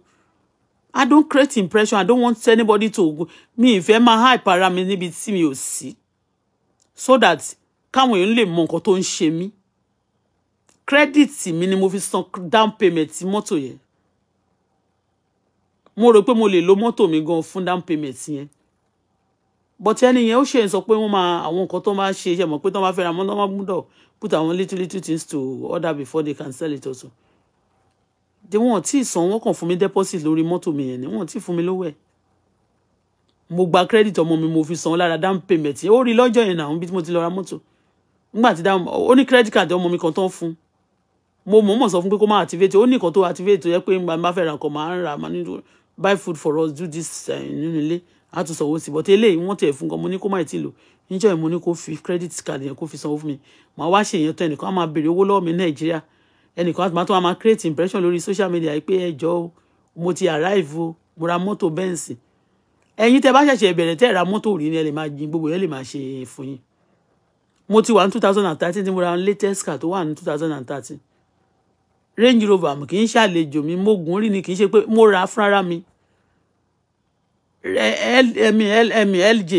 [SPEAKER 1] I don't create impression I don't want anybody to go mi ìfẹ́ máa hype ara mi níbi tí mi ò sí so that káwọn èèyàn lè mọ nǹkan tó ń ṣe mí kírẹ́dìtì mi ni mo fi san down payment mọ́tò yẹn mo rò pé mo lè lo mọ́tò mi gan fún down payment yẹn but ẹni yẹn ó ṣe sọ pé wọ́n máa àwọn nǹkan tó máa ṣe ṣe mọ̀ pé tó máa fẹ́ra mọ́ tó máa gbúdọ̀ put àwọn little little things to order before they can sell it also de wọn tí san wọn kàn fún mi deposit lórí mọ́tò mi yẹn ni wọn tí fún mi lówó mo gba credit ọmọ mi mo fi san lára down payment ó rí lọ́jọ́ yẹn náà bí mo ti lọ ra mọ́tò nígbà tí ó ní credit card ọmọ mi kan tán fún un mo mọ̀ọ́mọ̀ sọ fún pé kó má activate ó ní nǹkan tó activate tó yẹ pé nígbà má fẹ́ ra nǹkan máa ń ra máa ní buy food for us do this eh, nínú ilé a tún sanwó sí But eléyìí wọ́n tiẹ̀ fún kan mo ní kó má ti lò níjọ́ yìí mo ní kó fi credit card yẹn kó fi sanwó fún mi màá wá ṣe èèyàn tán ẹnìkan á máa béèrè owó lọ́wọ́ mi nàìjíríà ẹnìkan á tún máa create impression lórí social media pé ẹjọ́ mo ti arrive o mo ra mọ́tò bẹ́ǹsì ẹ̀yin tẹ́ bá ṣẹ̀ṣẹ̀ bẹ̀rẹ̀ tẹ́ ra mọ́tò rí ni ẹ lè máa jin gbogbo ẹ lè máa ṣe fún yín mo ti wà ní two thousand and thirteen tí mo ra latest car tó wà ní two thousand and thirteen range rover mi kì í ṣàlejò mi mo gùn rí ni kì í ṣe pé mo ra fúnra mi ẹmí ẹmí lj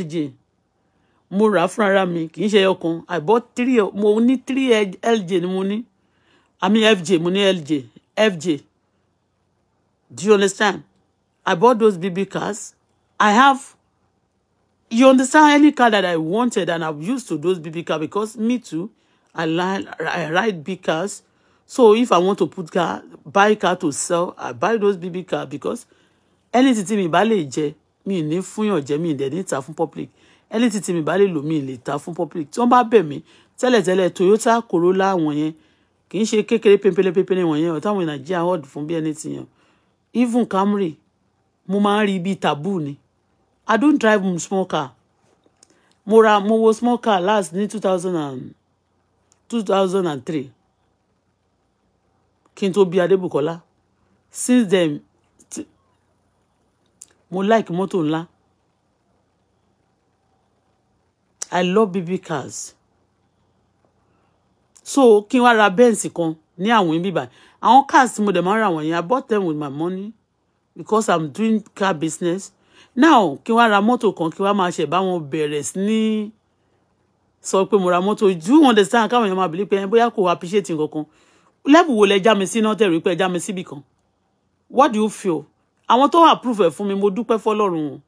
[SPEAKER 1] lj mo ra fúnra mi kì í ṣe ọkàn i bought three mo ní three lj ni mo ní àmì fj mo ní lj fj do you understand i bought those bb cars i have you understand any car that i wanted and i've used to those bb car because me too I like I ride big cars. So if I want to put car, buy car to sell, I buy those big car because anything me mi bá me jẹ mi ní fúnyàn jẹ mi dẹ̀ ní ta fún public anything me mi bá lè lò mi ta fún public tí wọ́n bá bẹ̀ mí tẹ́lẹ̀tẹ́lẹ̀ Toyota Corolla àwọn yẹn kì í ṣe kékeré pépélé pépélé wọ̀nyẹn ọ̀ táwọn Nàìjíríà hold fún bí ẹni even Camry mo máa ń rí bíi taboo ni I don't drive small car mo ra mo wo small car last ní two thousand and 2003. thousand and three kí n tó bí Adébùkọ́lá since then mo like mọ́tò ńlá I love baby cars so kí n wá ra Benz kan ní àwọn ibi àwọn cars mo dẹ̀ máa ń ra wọ̀nyẹn I bought them with my money because I'm doing car business now kí n wá ra mọ́tò kan kí n wá máa ṣe bá wọn bẹ̀rẹ̀ sí ní sọ pé mo ra mọ́tò you understand káwọn èèyàn máa bìlí pé eh, bóyá kò appreciate nǹkan lẹ́bù wo lẹ já mi sí náà tẹ̀rí pé ẹ já mi síbì kan what do you feel àwọn tó approve ẹ̀ fún mi mo dúpẹ́ fọlọ́run o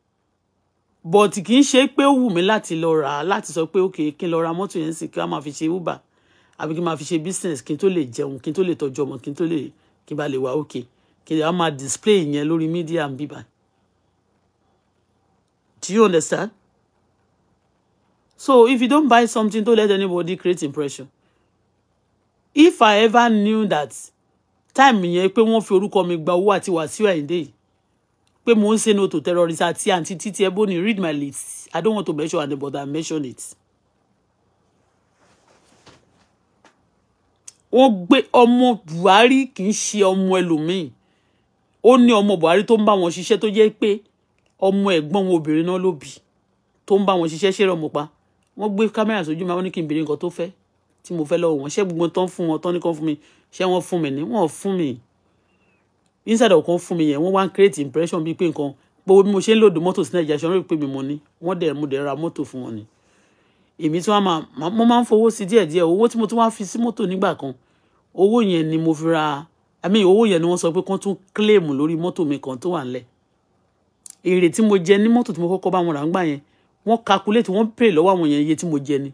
[SPEAKER 1] but kì í ṣe pé ó wù mí láti lọ rà á láti sọ pé okay kí n lọ ra mọ́tò yẹn sì kí wọ́n máa fi ṣe uber àbí kí n máa fi ṣe business kí n tó lè jẹun kí n tó lè tọ́jú ọmọ kí n tó lè kí n bá lè wá okay kí n máa display yẹn lórí media and bíbá do you understand So if you don't buy something, don't let anybody create impression. If I ever knew that time me pé wọ́n fi orúkọ mi gba owó àti Wàsíù Àyìndé yìí pé mò ń say no to terrorists ati àǹtí títí eboni. read my lips I don't want to mention any but I mention it. wọ́n gbé ọmọ Buhari kì í ṣe ọmọ o ni ní ọmọ Buhari tó ń bá wọn ṣiṣẹ́ tó jẹ́ pé ọmọ ẹ̀gbọ́n wọn obìnrin náà ló bí tó ń bá wọn ṣiṣẹ́ ṣe rọmọpa wọ́n gbé kámẹ́rà sójú mi wọ́n ní kí n bèrè nǹkan tó fẹ́ tí mo fẹ́ lọ́wọ́ wọn ṣé gbogbo tán fún wọn tán ní kán fún mi ṣé wọ́n fún mi ní wọ́n fún mi inside of kan fún mi yẹn wọ́n wá ń create impression bíi pé nǹkan gbogbo bí mo ṣe ń lòdù mọ́tò sí nàìjíríà ṣe wọ́n rí pé mi mo ní wọ́n dẹ̀ mo dẹ̀ ra mọ́tò fún wọn ni èmi tí wọ́n máa mo máa ń fowó sí díẹ̀ díẹ̀ owó tí mo tún wá fi sí mọ́tò nígbà kan owó yẹn ni mo fi ra I mean owó yẹn ni wọ́n sọ pé kán tún claim lórí mọ́tò mi kan tó wà ńlẹ̀ èrè tí mo jẹ ní mọ́tò tí mo kọ́kọ́ bá wọn rà ń gbà yẹn wọ́n calculate wọ́n pay lọ́wọ́ àwọn èèyàn iye tí mo jẹ ni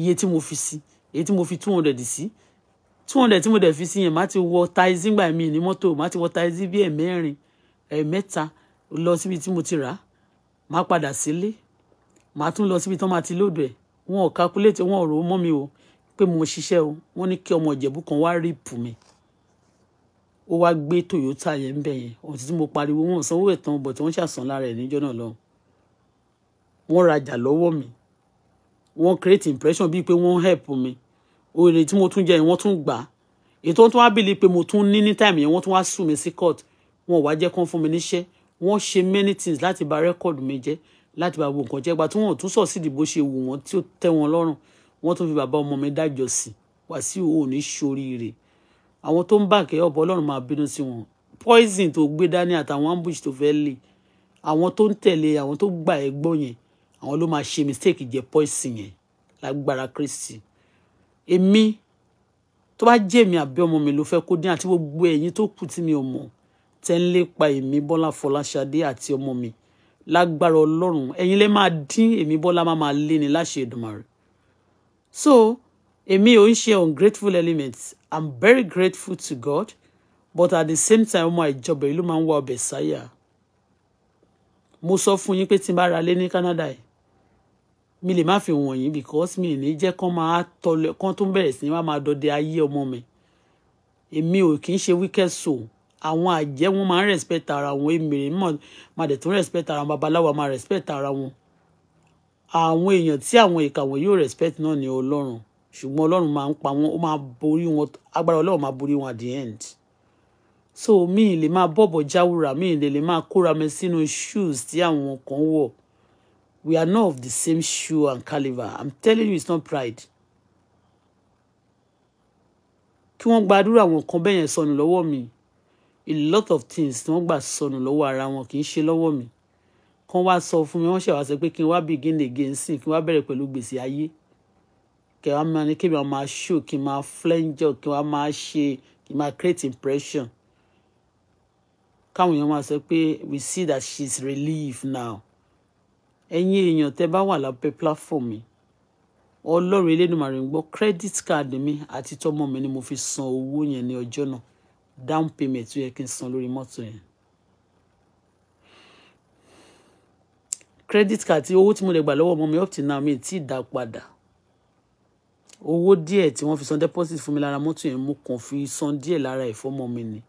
[SPEAKER 1] iye tí mo fi sí iye tí mo fi two hundred sí two hundred tí mo dẹ̀ fi sí yẹn má ti wọ taizí gbà mí ní mọ́tò má ti wọ taizí bí ẹ̀mẹ́rin ẹ̀mẹ́ta lọ síbi tí mo ti rà á má padà sílé má tún lọ síbi tí wọ́n máa ti lódò ẹ̀ wọn ò calculate wọn ò rò ó mọ́ mi o pé mo ṣiṣẹ́ o wọ́n ní kí ọmọ ìjẹ̀bú kan wá rìpù mi ó wá gbé Toyota yẹn ń bẹ̀ yẹn òtítí mo pariwo wọn sanwó ẹ̀ bọ̀ tí wọ́n ṣàsàn lára ẹ̀ níjọ́ náà lọ́hùn wọ́n rajà lọ́wọ́ mi wọ́n create impression bíi pé wọ́n help mi oore tí mo tún jẹ wọ́n tún gbà á ètò tó wá bìlì pé mo tún ní ní time yẹn wọ́n tún wá sùn mi sí court wọn wá jẹ́ kán fún mi níṣẹ́ wọ́n ṣe many things láti bà record mi jẹ́ láti bà wo nǹkan jẹ́ gba tí wọ́n tún sọ sídìí bó ṣe wù wọ́n tí ó tẹ́ wọn lọ́rùn wọ́n tún fi bàbá ọmọ mi dájọ́ sí wá sí òní ṣoríire àwọn tó ń bà kẹ́ ọ̀bọ ọlọ́run máa bínú sí wọn poison tó gbé dání àtàwọn ambush tó fẹ́ lè àwọn tó ń tẹ̀lé àwọn tó gbà ẹ́ gbọ́ yẹn àwọn ló máa ṣe mistake jẹ poison yẹn lágbára Kristi èmi tó bá jẹ́ èmi àbí ọmọ mi ló fẹ́ kó dín àti gbogbo ẹ̀yin tó kù tí mi ò mọ̀ tẹ́ ń lépa èmi Bọ́lá Fọláṣadé àti ọmọ mi lágbára Ọlọ́run ẹ̀yin lè máa dín èmi Bọ́lá máa máa lé ní láṣẹ Èdùmàrè so èmi ò ń ṣe ungrateful elements I'm very grateful to God but at the same time ọmọ àìjọbẹ̀ ló máa ń wá ọbẹ̀ sáyà mo sọ fún yín pé tí n bá ra lé ní Canada yìí mi lè má fi wọ̀nyí because mi lè jẹ́ kán máa tọlẹ̀ kán tó bẹ̀rẹ̀ sí ní má máa dọdẹ ayé ọmọ mi èmi ò kì í ṣe wicked soul àwọn àjẹ́ wọn máa ń respect ara wọn èmìrì mọ̀ máa dẹ̀ tún respect ara wọn babaláwo máa respect ara wọn àwọn èèyàn tí àwọn ìka wọn yóò respect náà ni ọlọ́run ṣùgbọ́n ọlọ́run máa ń pa wọn ó máa borí wọn agbára ọlọ́run máa borí wọn at the end so mi lè máa bọ̀bọ̀ jáwúra mi lè lè máa kóra mi sínú shoes tí àwọn kan wọ̀ We are not of the same shoe and caliber. I'm telling you, it's not pride. Kí wọ́n gbàdúrà wọn kan bẹ́ẹ̀ yẹn sọnù mi. A lot of things tí wọ́n gbà sọnù lọ́wọ́ ara wọn kì í ṣe mi. Kán wá sọ fún mi, wọ́n ṣẹ̀wá sọ pé kí n wá begin again sí kí n wá bẹ̀rẹ̀ pẹ̀lú gbèsè ayé. Kẹ̀ wá máa ní kí wọ́n máa ṣó kí n máa flẹ́ńjọ kí wọ́n máa ṣe kí n create impression. Káwọn èèyàn máa sọ pé we see that she's relieved now ẹ̀yin èèyàn tẹ́ bá wà lábẹ́ platform mi ọlọ́run elédùnmarè ń credit card mi àti tọmọ mi ni mo fi san owó yẹn ní ọjọ́ náà down payment tó yẹ kí n san lórí mọ́tò yẹn. credit card tí owó tí mo lè gbà lọ́wọ́ ọmọ mi up to now mi tí ì dá padà owó díẹ̀ tí wọ́n fi san deposit fún mi lára mọ́tò yẹn mo kàn fi san díẹ̀ lára ẹ̀ fọ́mọ mi ni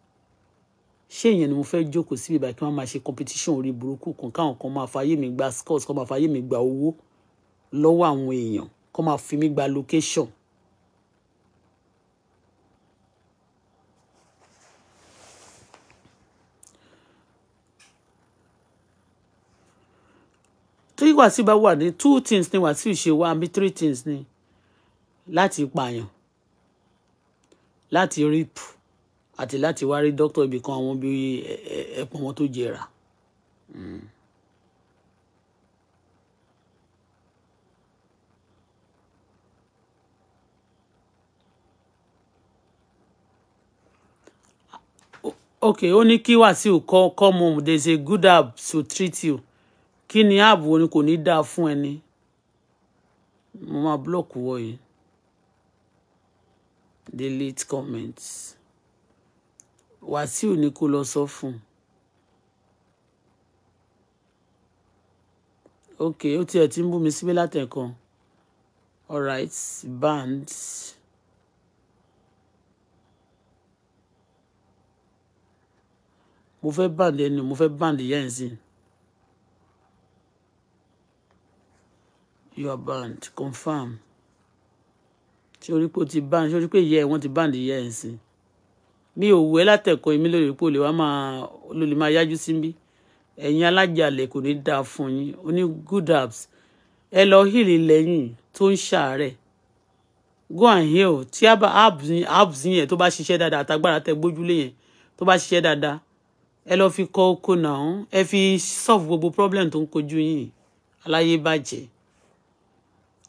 [SPEAKER 1] ṣé ìyẹn ni mo fẹ́ jókòó síbi ìbá kí wọ́n máa ṣe competition orí burúkú kan káwọn kan máa fàyè mi gba scores kan máa fàyè mi gba owó lọ́wọ́ àwọn èèyàn kan máa fi mi gba location. tí wàsíù bá wà ní two things ni wàsíù ṣe wá àbí three things ni láti pààyàn láti rip àti láti wá rí dókítà ibì kan àwọn bíi ẹpọn wọn tó jẹrà. Hmm. ok ó ní kí wàsíù kọ come home there is a good app to treat you kí ni app wo ni kò ní dáa fún ẹni mo máa búlọ̀kù wọ̀nyí delete comments. Wàsíù ni kó lọ sọ fún un. ok ó tiẹ̀ ti ń bú mi síbí látẹ̀kan alright band. mo fẹ́ band ẹni mo fẹ́ band yẹn sí your band confam ṣé orí pé ó ti band ṣé orí pé ìyá wọ́n ti band yẹn sí mi ò wẹ́ látẹ̀kọ́ èmi lórí pé olè wa máa olè máa yájú sí bí ẹ̀yin alájàlẹ̀ kò ní dáa fún yín ó ní good herbs ẹ lọ heal lẹ́yìn tó ń ṣàárẹ̀ go and heal tí herbs yẹn tó bá ṣiṣẹ́ dáadáa àtàgbára tẹ gbójúlé yẹn tó bá ṣiṣẹ́ dáadáa ẹ lọ fi kọ oko náà ẹ fi solve gbogbo problem tó ń kojú yín aláyé bàjẹ́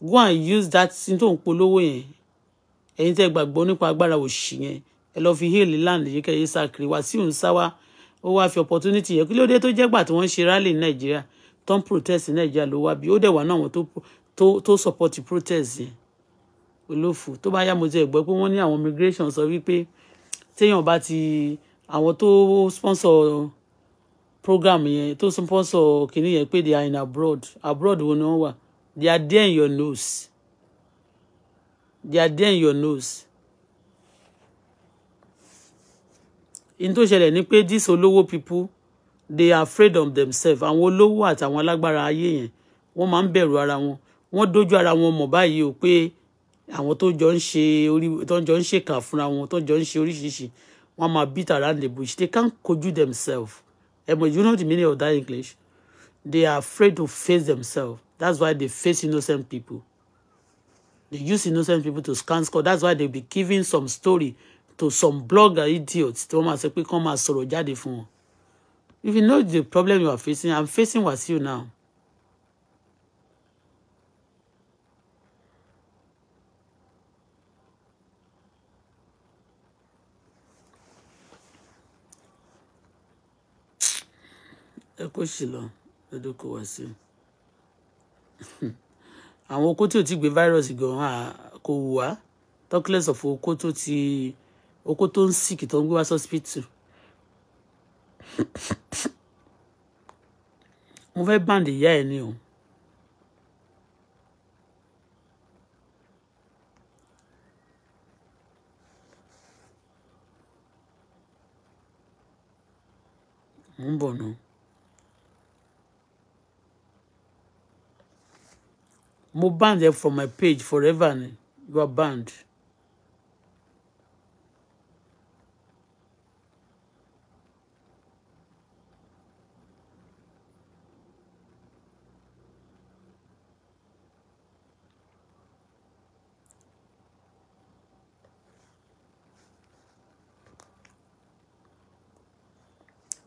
[SPEAKER 1] go and use that sin tó ń polówó yẹn ẹ̀yin tẹ́ gbàgbọ́ nípa agbára òṣì yẹn ẹ lọ fi heal land yìí kẹyẹ sàkiri Wàsíù ń sá ó wá fi opportunity yẹ kí ló dé tó jẹ́ gbà tí wọ́n ń ṣe rally Nàìjíríà tó protest Nàìjíríà ló wá bí ó dẹ̀ wà náà wọn tó support protest yẹn olófù tó bá yá mo ti ẹ̀ gbọ́ pé wọ́n ní àwọn immigration sọ wípé téèyàn bá ti àwọn tó sponsor program yẹn tó sponsor kìnìún yẹn pé they are in abroad abroad wo ni wọ́n wà they are there in your nose they are there in your nose in tó ṣẹlẹ̀ ni pé these olówó people they are afraid of themselves àwọn olówó àtàwọn alágbára ayé yẹn wọ́n máa ń bẹ̀rù ara wọn wọ́n dójú ara wọn mọ̀ báyìí o pé àwọn tó jọ ń ṣe orí tó jọ ń ṣèkà fúnra wọn tó jọ ń ṣe oríṣiríṣi wọ́n máa beat around the bush they can't kojú themselves ẹ you know the meaning of that English they are afraid to face themselves that's why they face innocent people they use innocent people to scan score that's why they be giving some story to some blogger idiots tí wọ́n máa sọ pé kán máa sọ̀rọ̀ jáde fún wọn if you know the problem you are facing i'm facing you now. ẹ kó sì lọ lọ́dún kó wá sí àwọn okó tí ò ti gbé fáírọ̀sì gan-an kò wù wá talk less of okó tó ti okó tó ń sìkì tó ń gbé wá sọ́sìpìtì mo fẹ́ báǹdì ìyá ẹ̀ ni o. mo ń bọ̀ náà. mo banned her from my page forever ni you are banned.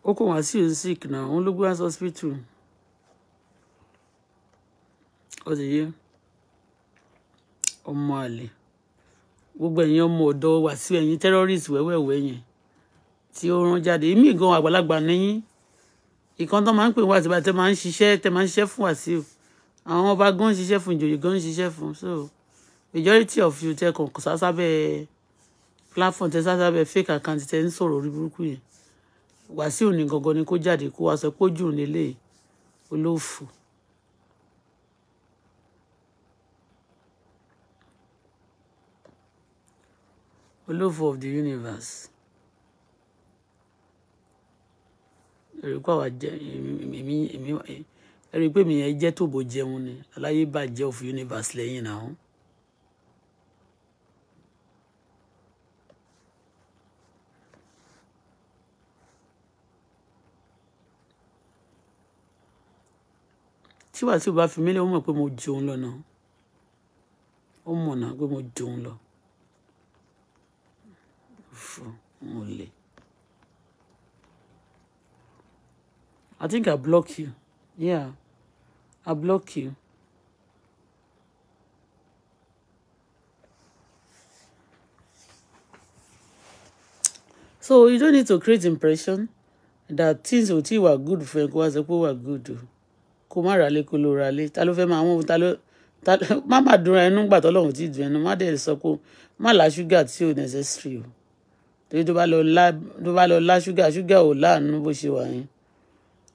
[SPEAKER 1] ó kò wá sí òun sick náà òun ló gbé wá sí hospital ó ti yé ọmọ àlè gbogbo ẹ̀yin ọmọ ọ̀dọ́ wàsíù ẹ̀yin terrorist wẹ́wẹ́wẹ́ yẹn tí ó rán jáde èmi gan àgbàlagbà nìyín ìkan tó máa ń pè wá àtibá tẹ máa ń ṣiṣẹ́ tẹ máa ń ṣiṣẹ́ fún wàsíù gan ń ṣiṣẹ́ fún gan ń ṣiṣẹ́ so majority of you tẹ kàn sásábẹ́ platform tẹ sásábẹ́ fake account tẹ ń sọ̀rọ̀ orí burúkú wàsíù ní gangan ni kó jáde kó wá sọ pé ojú òun lélẹ̀ olóòfò. olóòfò of the universe ẹ̀rí pé àwa jẹ́ èmi èmi ẹ̀rí pé èmi yẹn jẹ́ tòbó jẹun ni aláyé bàjẹ́ of universe lẹ́yìn náà. tí wàásù bá fi mí lé ó mọ̀ pé mo jòun lọ náà ó mọ̀ náà pé mo jòun lọ fún mo lè. I think I block you yeah I block you. So you don't need to create impression that things will still were good for you, was a poor good kó má ra lé kó ló ra lé ta ló fẹ́ máa wọ́n ta ló ta ló [laughs] má má dúnra ẹnu gbà tọ́lọ́run ti dùn ẹnu má dẹ̀ sọ pé má la ṣúgà tí ò necessary o torí tó bá lọ lá tó bá lọ lá ṣúgà ṣúgà ò láàánú bó ṣe wà yẹn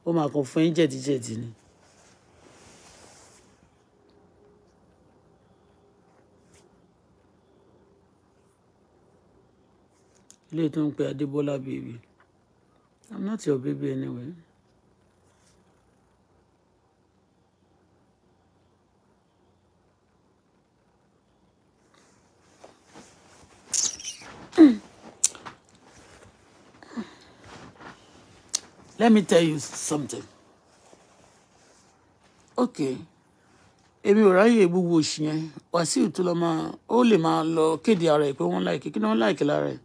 [SPEAKER 1] ó máa kàn fún yín jẹ̀díjẹ̀dí ni. ilé tó ń pe Adébọ́lá baby I'm not your baby anyway. Let me tell you something. Okay. Èmi ò ráyè gbogbo òṣì yẹn. Wàsíù tó lọ máa ó lè máa lọ kéde ara ẹ̀ pé wọ́n láìkí kí ni wọ́n láìkí lára ẹ̀.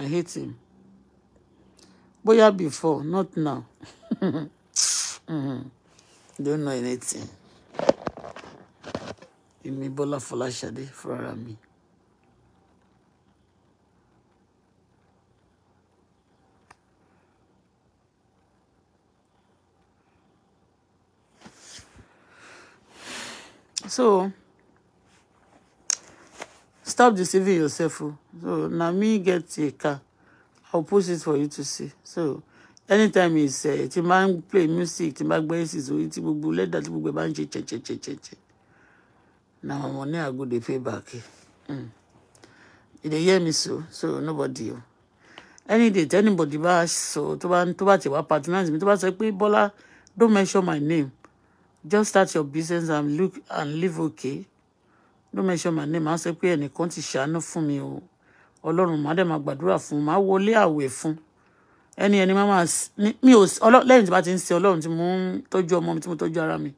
[SPEAKER 1] I hate him. Bóyá before, not now. [laughs] mm Don't know anything. Èmi Bọ́lá Fọláṣadé fúnra mi. so stop deceiving yourself so now me get a car I'll post it for you to see so anytime is say, ti máa play music ti máa gbẹ́yìn sí orí tí gbogbo lẹ́dà tí gbogbo ẹ̀ máa ń ṣe chẹ̀chẹ̀chẹ̀chẹ̀ na my money i go dey pay back mm. you dey hear me so so nobody any date anybody so bá sọ tó bá tó bá ti wá patronize mi tó bá sọ pé Bọ́lá don't mention my name just start your business and look and live okay no mention my name máa sọ pé ẹnìkan ti ṣàánú fún mi o ọlọ́run màá dẹ̀ máa gbàdúrà fún màá wọlé àwẹ̀ fún ẹni ẹni máa máa mi ò lẹ́yìn tí bá ti ń sin ọlọ́run tí mo ń tọ́jú ọmọ mi tí mo tọ́jú ara mi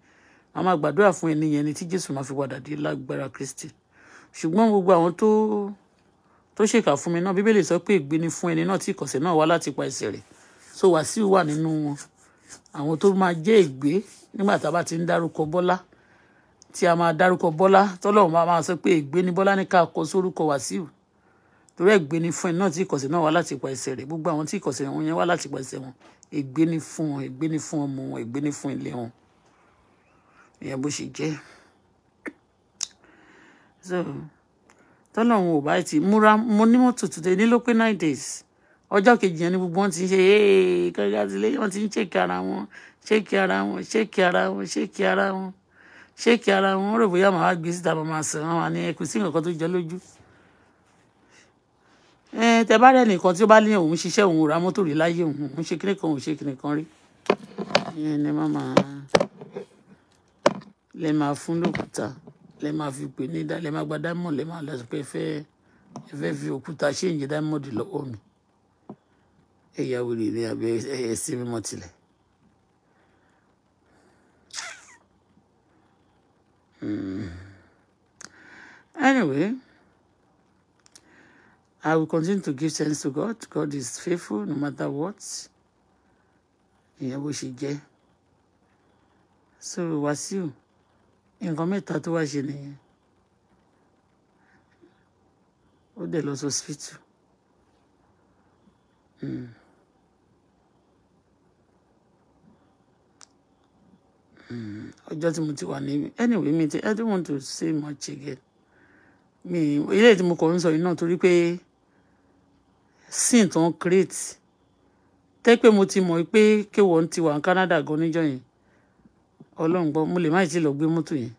[SPEAKER 1] màá máa gbàdúrà fún ẹni yẹn ni tí jésù máa fi padà dé lágbára kristi ṣùgbọ́n gbogbo to tó tó ṣèkà fún mi náà bíbélì sọ pé ègbé ni fún ẹni náà tí ìkọ̀sẹ̀ náà wá láti pa ẹsẹ̀ rẹ̀ so wàsíù wà nínú wọn àwọn to máa jẹ́ ègbé nígbà tá a bá ti ń dárúkọ bọ́lá tí a máa dárúkọ bọ́lá tọ́lọ́run máa máa sọ pé ègbé ni bọ́lá ní ká kọ sórúkọ wàsíù torí ègbé ni fún ẹ náà tí ìkọ̀sẹ̀ náà wá láti ipa ẹsẹ̀ rẹ̀ gbogbo àwọn tí ìkọ̀sẹ̀ wọn yẹn wá láti ipa ẹsẹ̀ wọn ègbé ni fún wọn ègbé ni fún ọmọ wọn ègbé ni fún ilé wọn ìyẹn bó ṣe jẹ́ so tọ́lọ́run ò bá ti múra mo ní mọ́tò today ní ló pé nine days ọjọ́ kejì yẹn ni gbogbo wọn ti ń ṣe congratulations wọn ti ń ṣèkà ara wọn ṣéèkì ara wọn ṣéèkì ara wọn ṣéèkì ara wọn ṣéèkì ara wọn rò bóyá màá gbé e síta màá máa sàn wọn ni kò sí nǹkan tó jẹ lójú. tẹ bá rẹ nìkan tí ó bá ní òun ṣiṣẹ́ òun ra mọ́tò rí láyé òun òun ṣe kíní kan òun ṣe kíní kan rí ẹni má máa lẹ máa fún lókùúta lẹ máa fi pè ní lẹ máa gba diamond lẹ máa lọ sí pé fẹ́ fẹ́ fi òkúta ṣéǹjẹ diamond lọ́wọ́ mi ẹ̀yà wèrè ní abẹ́ ẹ̀sìn mímọ́ tilẹ̀. Mm. Anyway, I will continue to give thanks to God. God is faithful no matter what. Ìyẹn bó ṣe jẹ́. So Wàsíù, nǹkan mẹ́ta tó wá ṣe nìyẹn. Ó dẹ̀ lọ sọ Mm. ọjọ́ tí mo ti wà ní anyway mi ti i don't want to say much again mi eléyìí tí mo kọ̀ ń sọ yìí náà torí pé sin tó ń create tẹ́ pé mo ti mọ̀ pé kéwọ́n ti wà ní Canada gan níjọ́ yẹn ọlọ́run gbọ́ mo lè má ti lọ gbé mọ́tò yẹn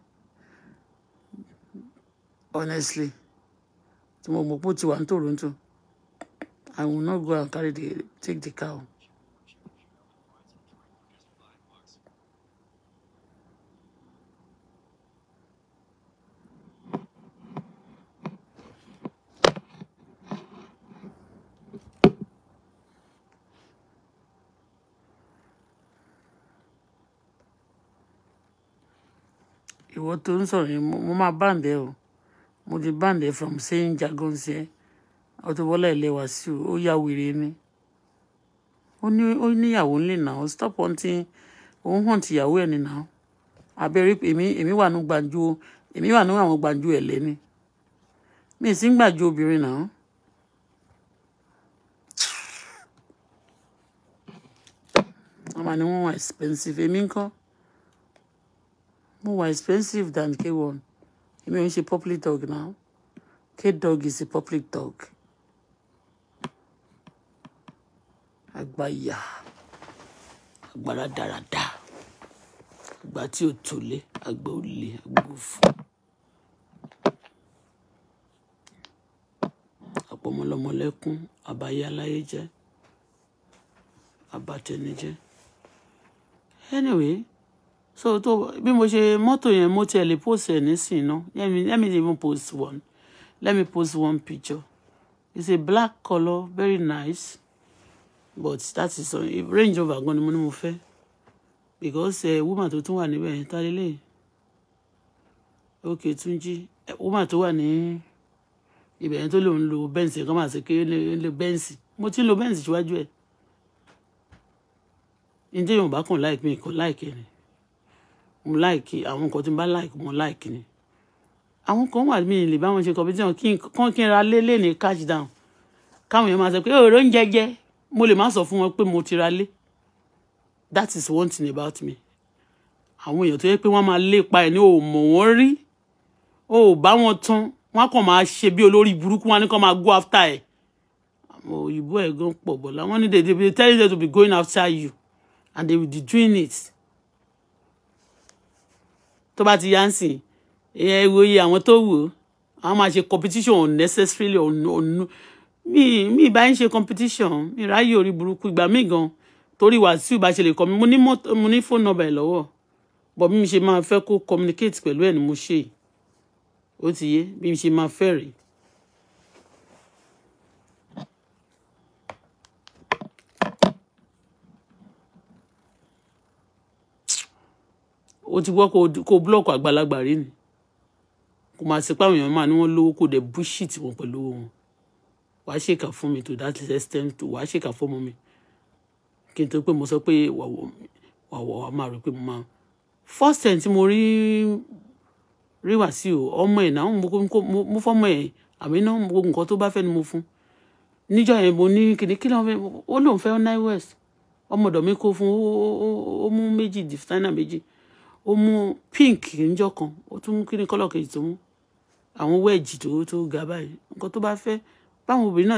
[SPEAKER 1] honestly tí mo mọ̀ pé ó ti wà ní Toronto I will not go and carry the take the cow. iwọ tọ nsọ na mụ mụ ma ban de o mo de ban de fọm seyin jagunse ọtọbọla ịlẹwa si o ya were ni o ni eyawo o ni lina o sitọpọ ntị o hanti eyawo eni ni na o abiri emi emi wa nu gbajuo emi wa nu amụ gbajuo ịlị ni m esi gbajuo obiri na o ma ni won nwụọ aịspensiif emi nkọ. More expensive than k1 èmi mean, ń ṣe public dog now k-dog is a public dog àgbàyà agbára dáradá àgbà tí ò tòlé àgbà òlé àgbòfò abaya la aláyé abate àbátẹnijẹ anyway so tó bí mo ṣe mọ́tò yẹn mo tiẹ̀ post ẹ̀ nísìnyí ná let me let me even post one let me post one picture it's a black colour very nice but that is on uh, if range over gan ni mo ní mo fẹ́ because uh, woman tó tún wà níbẹ̀ yẹn tálẹ́ lẹ́yìn okay Túnjí eh, woman tó wà ní ibẹ̀ yẹn tó lòun lo bẹ́ǹsì kan máa ṣe kí ó lè bẹ́ǹsì mo ti ń lo bẹ́ǹsì síwájú ẹ̀ ǹjẹ́ Yorùbá kan láìpẹ́ nǹkan láìpẹ́ ni mo like àwọn nǹkan tí mo bá like mo like ni àwọn kan wà mí lè bá wọn ṣe competition kí nǹkan kí n ra lé lè ní cash down káwọn èèyàn máa sọ pé èrò ń jẹjẹ mo lè má sọ fún wọn pé mo ti ra lé that is one thing about me àwọn èèyàn tó yẹ pé wọ́n máa lépa ẹ̀ ní o mọ̀ wọ́n rí o bá wọn tán wọ́n kàn máa ṣe bí olórí burúkú wọn ní kàn máa go after ẹ̀ àwọn òyìnbó ẹ̀ gan pọ̀ bọ̀ làwọn ní they dey tell you to be going after you and they will be doing it tó bá ti yá ń sìn ẹ wo iye àwọn tó wù ó àwọn máa ṣe competition unnecessarily ọ̀nù mi mi bá ń ṣe competition mi ráyè orí burúkú ìgbà míì gan torí wàásù bá ṣe lè kọ mi mo ní mo ní phone number ẹ lọ́wọ́ bọ̀ bí mi ṣe máa fẹ́ kó communicate pẹ̀lú ẹ̀ ni mo ṣe ó ti yé bí mi ṣe máa fẹ́ rèé ó ti gbọ́ kó búlọ́ọ̀kù àgbàlagbà rí ni kò máa ṣe páwọn èèyàn máa ní wọ́n lówó kó dẹ̀ búṣìtì wọn pẹ̀lú wọn wàá ṣèkà fún mi to that extent wàá ṣèkà fún ọmọ mi kí n tó pé mo sọ pé wàwọ̀ wàá máa rò pé mo máa first time tí mo rí rí Wàsíù ọmọ ẹ̀ náà mo fọmọ ẹ̀ àmì náà gbogbo nǹkan tó bá fẹ́ ni mo fún níjọ́ yẹn mo ní kìnìún kí lóun fẹ́ ó lóun fẹ́ nine west ọmọdọ̀ mi kó fún ó mú méjì dìfítánà méjì ó mú pink níjọ́ kan ó tún mú kíní kọ́lọ̀ kejì tó mú àwọn wẹ́ẹ̀jì tó tó ga báyìí nǹkan tó bá fẹ́ báwọn obìnrin náà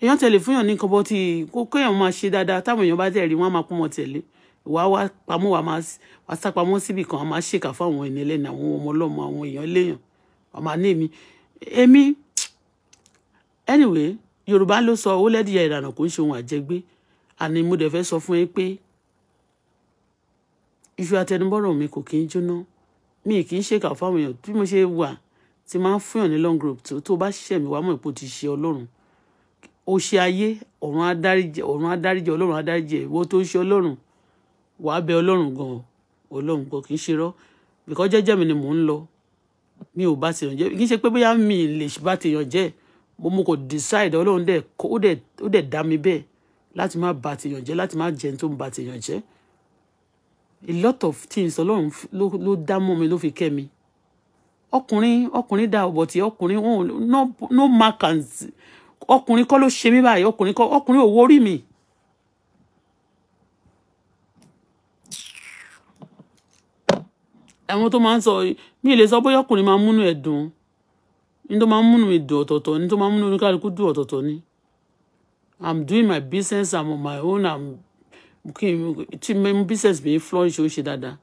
[SPEAKER 1] èèyàn tẹ̀lé fún yàn ní nǹkan bọ́ ti kó kéèyàn máa ṣe dáadáa táwọn èèyàn bá tẹ̀lé wọn á máa pọ́n wọn tẹ̀lé wàá wá pamọ́ wàá máa wá sá pamọ́ síbì kan àá máa ṣèkà fún àwọn ẹni ẹlẹ́ni àwọn ọmọ ọlọ́mọ àwọn èèyàn léèyàn wàá máa ní èmi èmi anyway yorùbá ló sọ ó lẹ́dìyà ìrànà kò ń ṣe ohun àjẹgbé àní mo dẹ̀ fẹ́ sọ fún ẹ pé iṣu àtẹnubọ́rọ̀ mi kò kí ń jóná mi kì í ṣèkà fáwọn èèyàn bí mo ṣe wà ti máa ń fúyàn ní long group tó tó bá ṣiṣẹ́ mi wá mọ̀ ipò ti ṣe ọlọ́run ó ṣe ayé ọ̀run adáríjẹ ọ̀run adáríjẹ ọlọ́run adáríjẹ ìwọ tó ń ṣe ọlọ́run wàá bẹ ọlọ́run gan ọlọ́run kò kì í ṣe rọ́ bìkọ́ jẹ́jẹ́ mi ni mò ń lọ mi ò bá tèèyàn jẹ́ kì í ṣe pé bóyá mi lè bá tèèyàn jẹ́ mo mo kò decide ọlọ́run dẹ̀ ó dẹ̀ dá mi bẹ́ẹ̀ láti má bà tèèyàn jẹ́ láti má jẹun tó ń bà tèèyàn jẹ́ a lot of things ọlọ́run ló dá mọ́ mi ló fi kẹ́ mi ọkùnrin ọkùnrin dá ọ̀bọ̀ tí ọkùnrin wọn oh, no no mark and ọkùnrin kọ́ ló ṣe mí báyìí ọkùnrin kọ́ ọkùnrin ò worí mi. àwọn tó máa ń sọ mí lè sọ bóyá ọkùnrin máa ń múnú ẹ̀ dùn ní tó máa ń múnú mi dùn ọ̀tọ̀ọ̀tọ̀ ní tó máa ń múnú oníkálukú dùn ọ̀tọ̀ọ̀tọ̀ ni i'm doing my business i'm on my own i'm kí tí business mi flourish ó ṣe dáadáa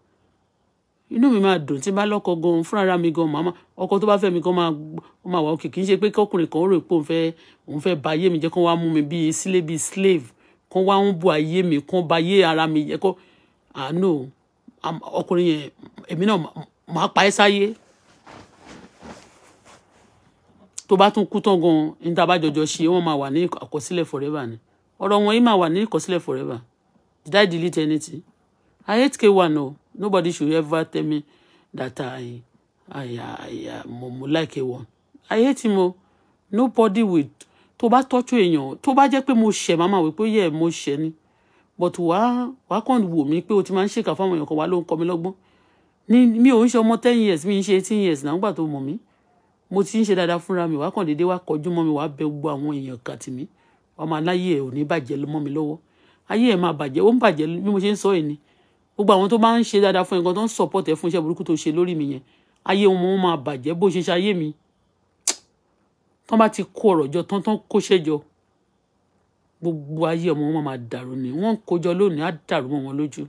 [SPEAKER 1] inú mi máa dùn tí bá lọ́kọ gan fúnra mi gan màmá ọkọ tó bá fẹ́ mi gan máa ó máa wà òkè kì í ṣe pé kọkùnrin kan ó rò pé òun fẹ́ òun fẹ́ ba ayé mi jẹ́ kó wá mú mi bíi sílé bíi slave kó wá ń bu ayé mi kó ba ayé ara mi jẹ́ kó àánú ọkùnrin yẹn èmi náà màá pa ẹ́ sáyé tó bá tún kú tán gan ní tá a bá jọjọ ṣe wọ́n máa wà ní àkọsílẹ̀ forever ni ọ̀rọ̀ wọn yìí máa wà ní àkọsílẹ̀ forever. Did I delete anything? I hate K1 no. Nobody should ever tell me that I I I, I mo like K1. I hate him oh. Nobody would. tó bá tọ́jú èèyàn tó bá jẹ́ pé mo ṣẹ̀ màmá wí pé yẹ mo ṣẹ̀ ni but wàá wàá kàn wò mí pé o ti shake ń ṣèkà fáwọn èèyàn kan wá ló ń kọ́ mi lọ́gbọ́n ní mi ò ń ṣe ọmọ ten years mi ń ṣe eighteen years na nígbà tó mọ̀ mí mo ti ń ṣe dáadáa fúnra mi wàá kàn déédéé wá kọjú mọ́ mi wàá bẹ in àwọn èèyàn kàtì mí wàá máa láyé ẹ̀ ò ní bàjẹ́ mọ́ mi lọ́wọ́ ayé ẹ̀ máa bàjẹ́ ó ń bàjẹ́ bí mo ṣe ń sọ yìí ni gbogbo àwọn tó máa ń ṣe dáadáa fún ẹ gan tó ń support ẹ fún iṣẹ́ burúkú tó ṣe lórí mi yẹn ayé wọn máa bàjẹ́ bó ṣe ṣe ayé mi tán bá ti kó ọ̀rọ̀ jọ tán tán kóṣẹ́ jọ gbogbo ayé ọmọ wọn máa dàrú ni wọ́n ń kójọ lónìí á dàrú mọ́ wọn lójú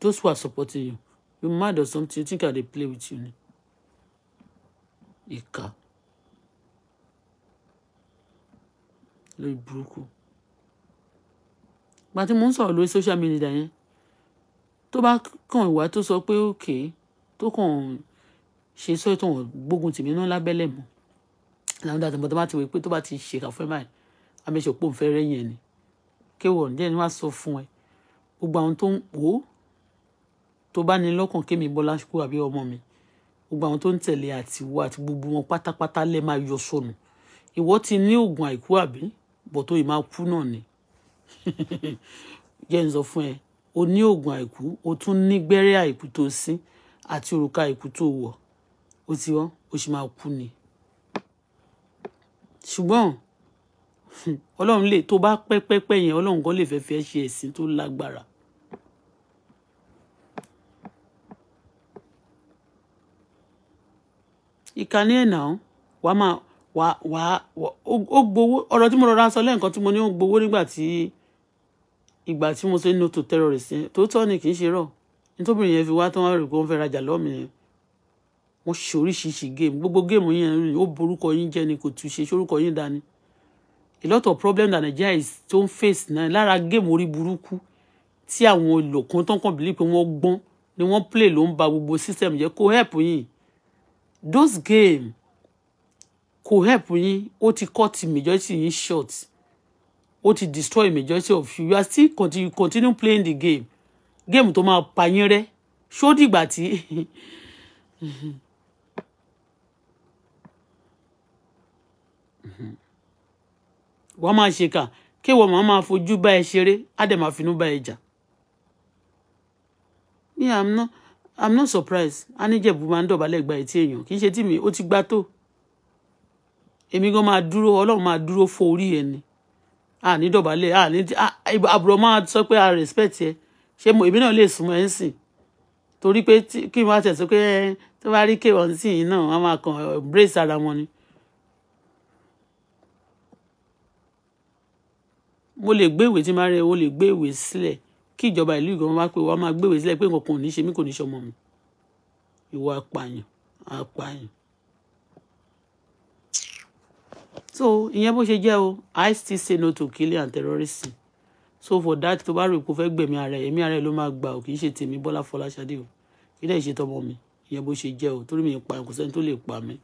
[SPEAKER 1] those who are supporting you you mad or something you think I dey play with you ni ìkà lórí burúkú gba tí mo ń sọ̀rọ̀ lórí social media yẹn tó bá kàn wá tó sọ pé òkè tó kàn ṣe sọ ìtàn gbógun tèmi náà lábẹ́lẹ̀ mọ́ làwọn dàtí mo tó bá ti wí pé tó bá ti ṣèkà fún ẹ báyìí amẹ́sẹ̀ pò ń fẹ́ rẹ́yìn ẹ̀ ni kéwọ̀ díẹ̀ ni wàá sọ fún ẹ gbogbo àwọn tó ń wò ó tó bá ní lọ́kàn kémi Bọ́lá ṣukú àbí ọmọ mi gbogbo àwọn tó ń tẹ̀lé àtiwọ́ àti gbogbo wọn pátápátá lẹ́ẹ̀ máa yọ sọnù ìwọ ti ní oògùn àìkú àbí bọ̀ tó ì [laughs] jẹ́ n sọ fún ẹ o ní oògùn àìkú o tún ní gbẹ́rẹ́ àìkú tó sín àti òrùka àìkú tó wọ̀ o ti wọ́n o sì máa kú ni ṣùgbọ́n [laughs] ọlọ́run lè tó bá pẹ́pẹ́pẹ́ yẹn ọlọ́run kan lè fẹ́ fi ẹ́ ṣe ẹ̀sìn tó lágbára. ìkànnì ẹ̀ náà wàá máa wàá wàá ó gbowó ọ̀rọ̀ tí mo rọra sọ lẹ́ẹ̀kan tí mo ní ó gbowó nígbà tí ìgbà tí mo ṣe no to terrorist yẹn tòótọ́ ni kì í ṣe rọ̀ nítòbìnrin yẹn fi wá tán wá rè kó ń fẹ́ rajà lọ́mì yẹn wọ́n ṣe oríṣiríṣi géèmù gbogbo géèmù yẹn rìn ó borúkọ yín jẹ́ ni kò tún ṣe ṣorúkọ yín dání a lot of problem that Nigeria is tó ń face náà lára géèmù orí burúkú tí àwọn olùkọ́ tán kàn bìlí pé wọ́n gbọ́n ni wọ́n play ló ń ba gbogbo system jẹ́ kó help yín those game kò help yín ó ti cut majority yín short ó ti destroy majority of you you are still continue, continue playing the game game tó máa pa yín rẹ́ ṣó dìgbà tí. wọ́n máa ṣèkà kéwọ́n máa máa fojú bá ẹ ṣeré á máa finú bá ẹ jà. mi i'm not i'm not surprised anijẹ̀bù máa ń dọ̀bálẹ̀ gba etí èèyàn kì í ṣe tí mi ó ti gbá tó èmi gan máa dúró ọlọ́run máa dúró fo orí ẹ a ní dọ̀bálẹ̀ a ní àbúrò máa sọ pé a respect ẹ ṣé mo èmi náà lè súnmọ́ ẹ ń sìn torí pé kí n máa tẹ̀ sọ pé tó bá rí kéwọ́n sí yìí náà wọ́n máa kàn embrace ara wọn ni. mo lè gbé ìwé tí máa rẹ o lè gbé ìwé sílẹ̀ kí ìjọba ìlú ìgbọ̀n bá pé wàá máa gbé ìwé sílẹ̀ pé nǹkan kò ní ṣe mí kò ní ṣe ọmọ mi ìwà apààyàn apààyàn so ìyẹn bó ṣe jẹ́ o i still say no to killing and terrorism so for that tó bá rò pé fẹ́ gbẹ̀mí ara ẹ̀ ẹ̀mí ara ẹ̀ ló máa gbà ò kì í ṣe tèmi Bọ́lá Fọláṣadé o kí lẹ́yìn ṣe tọmọ mi ìyẹn bó ṣe jẹ́ o torí mi ń pa ẹ̀kọ́ sẹ́ni tó lè pa mí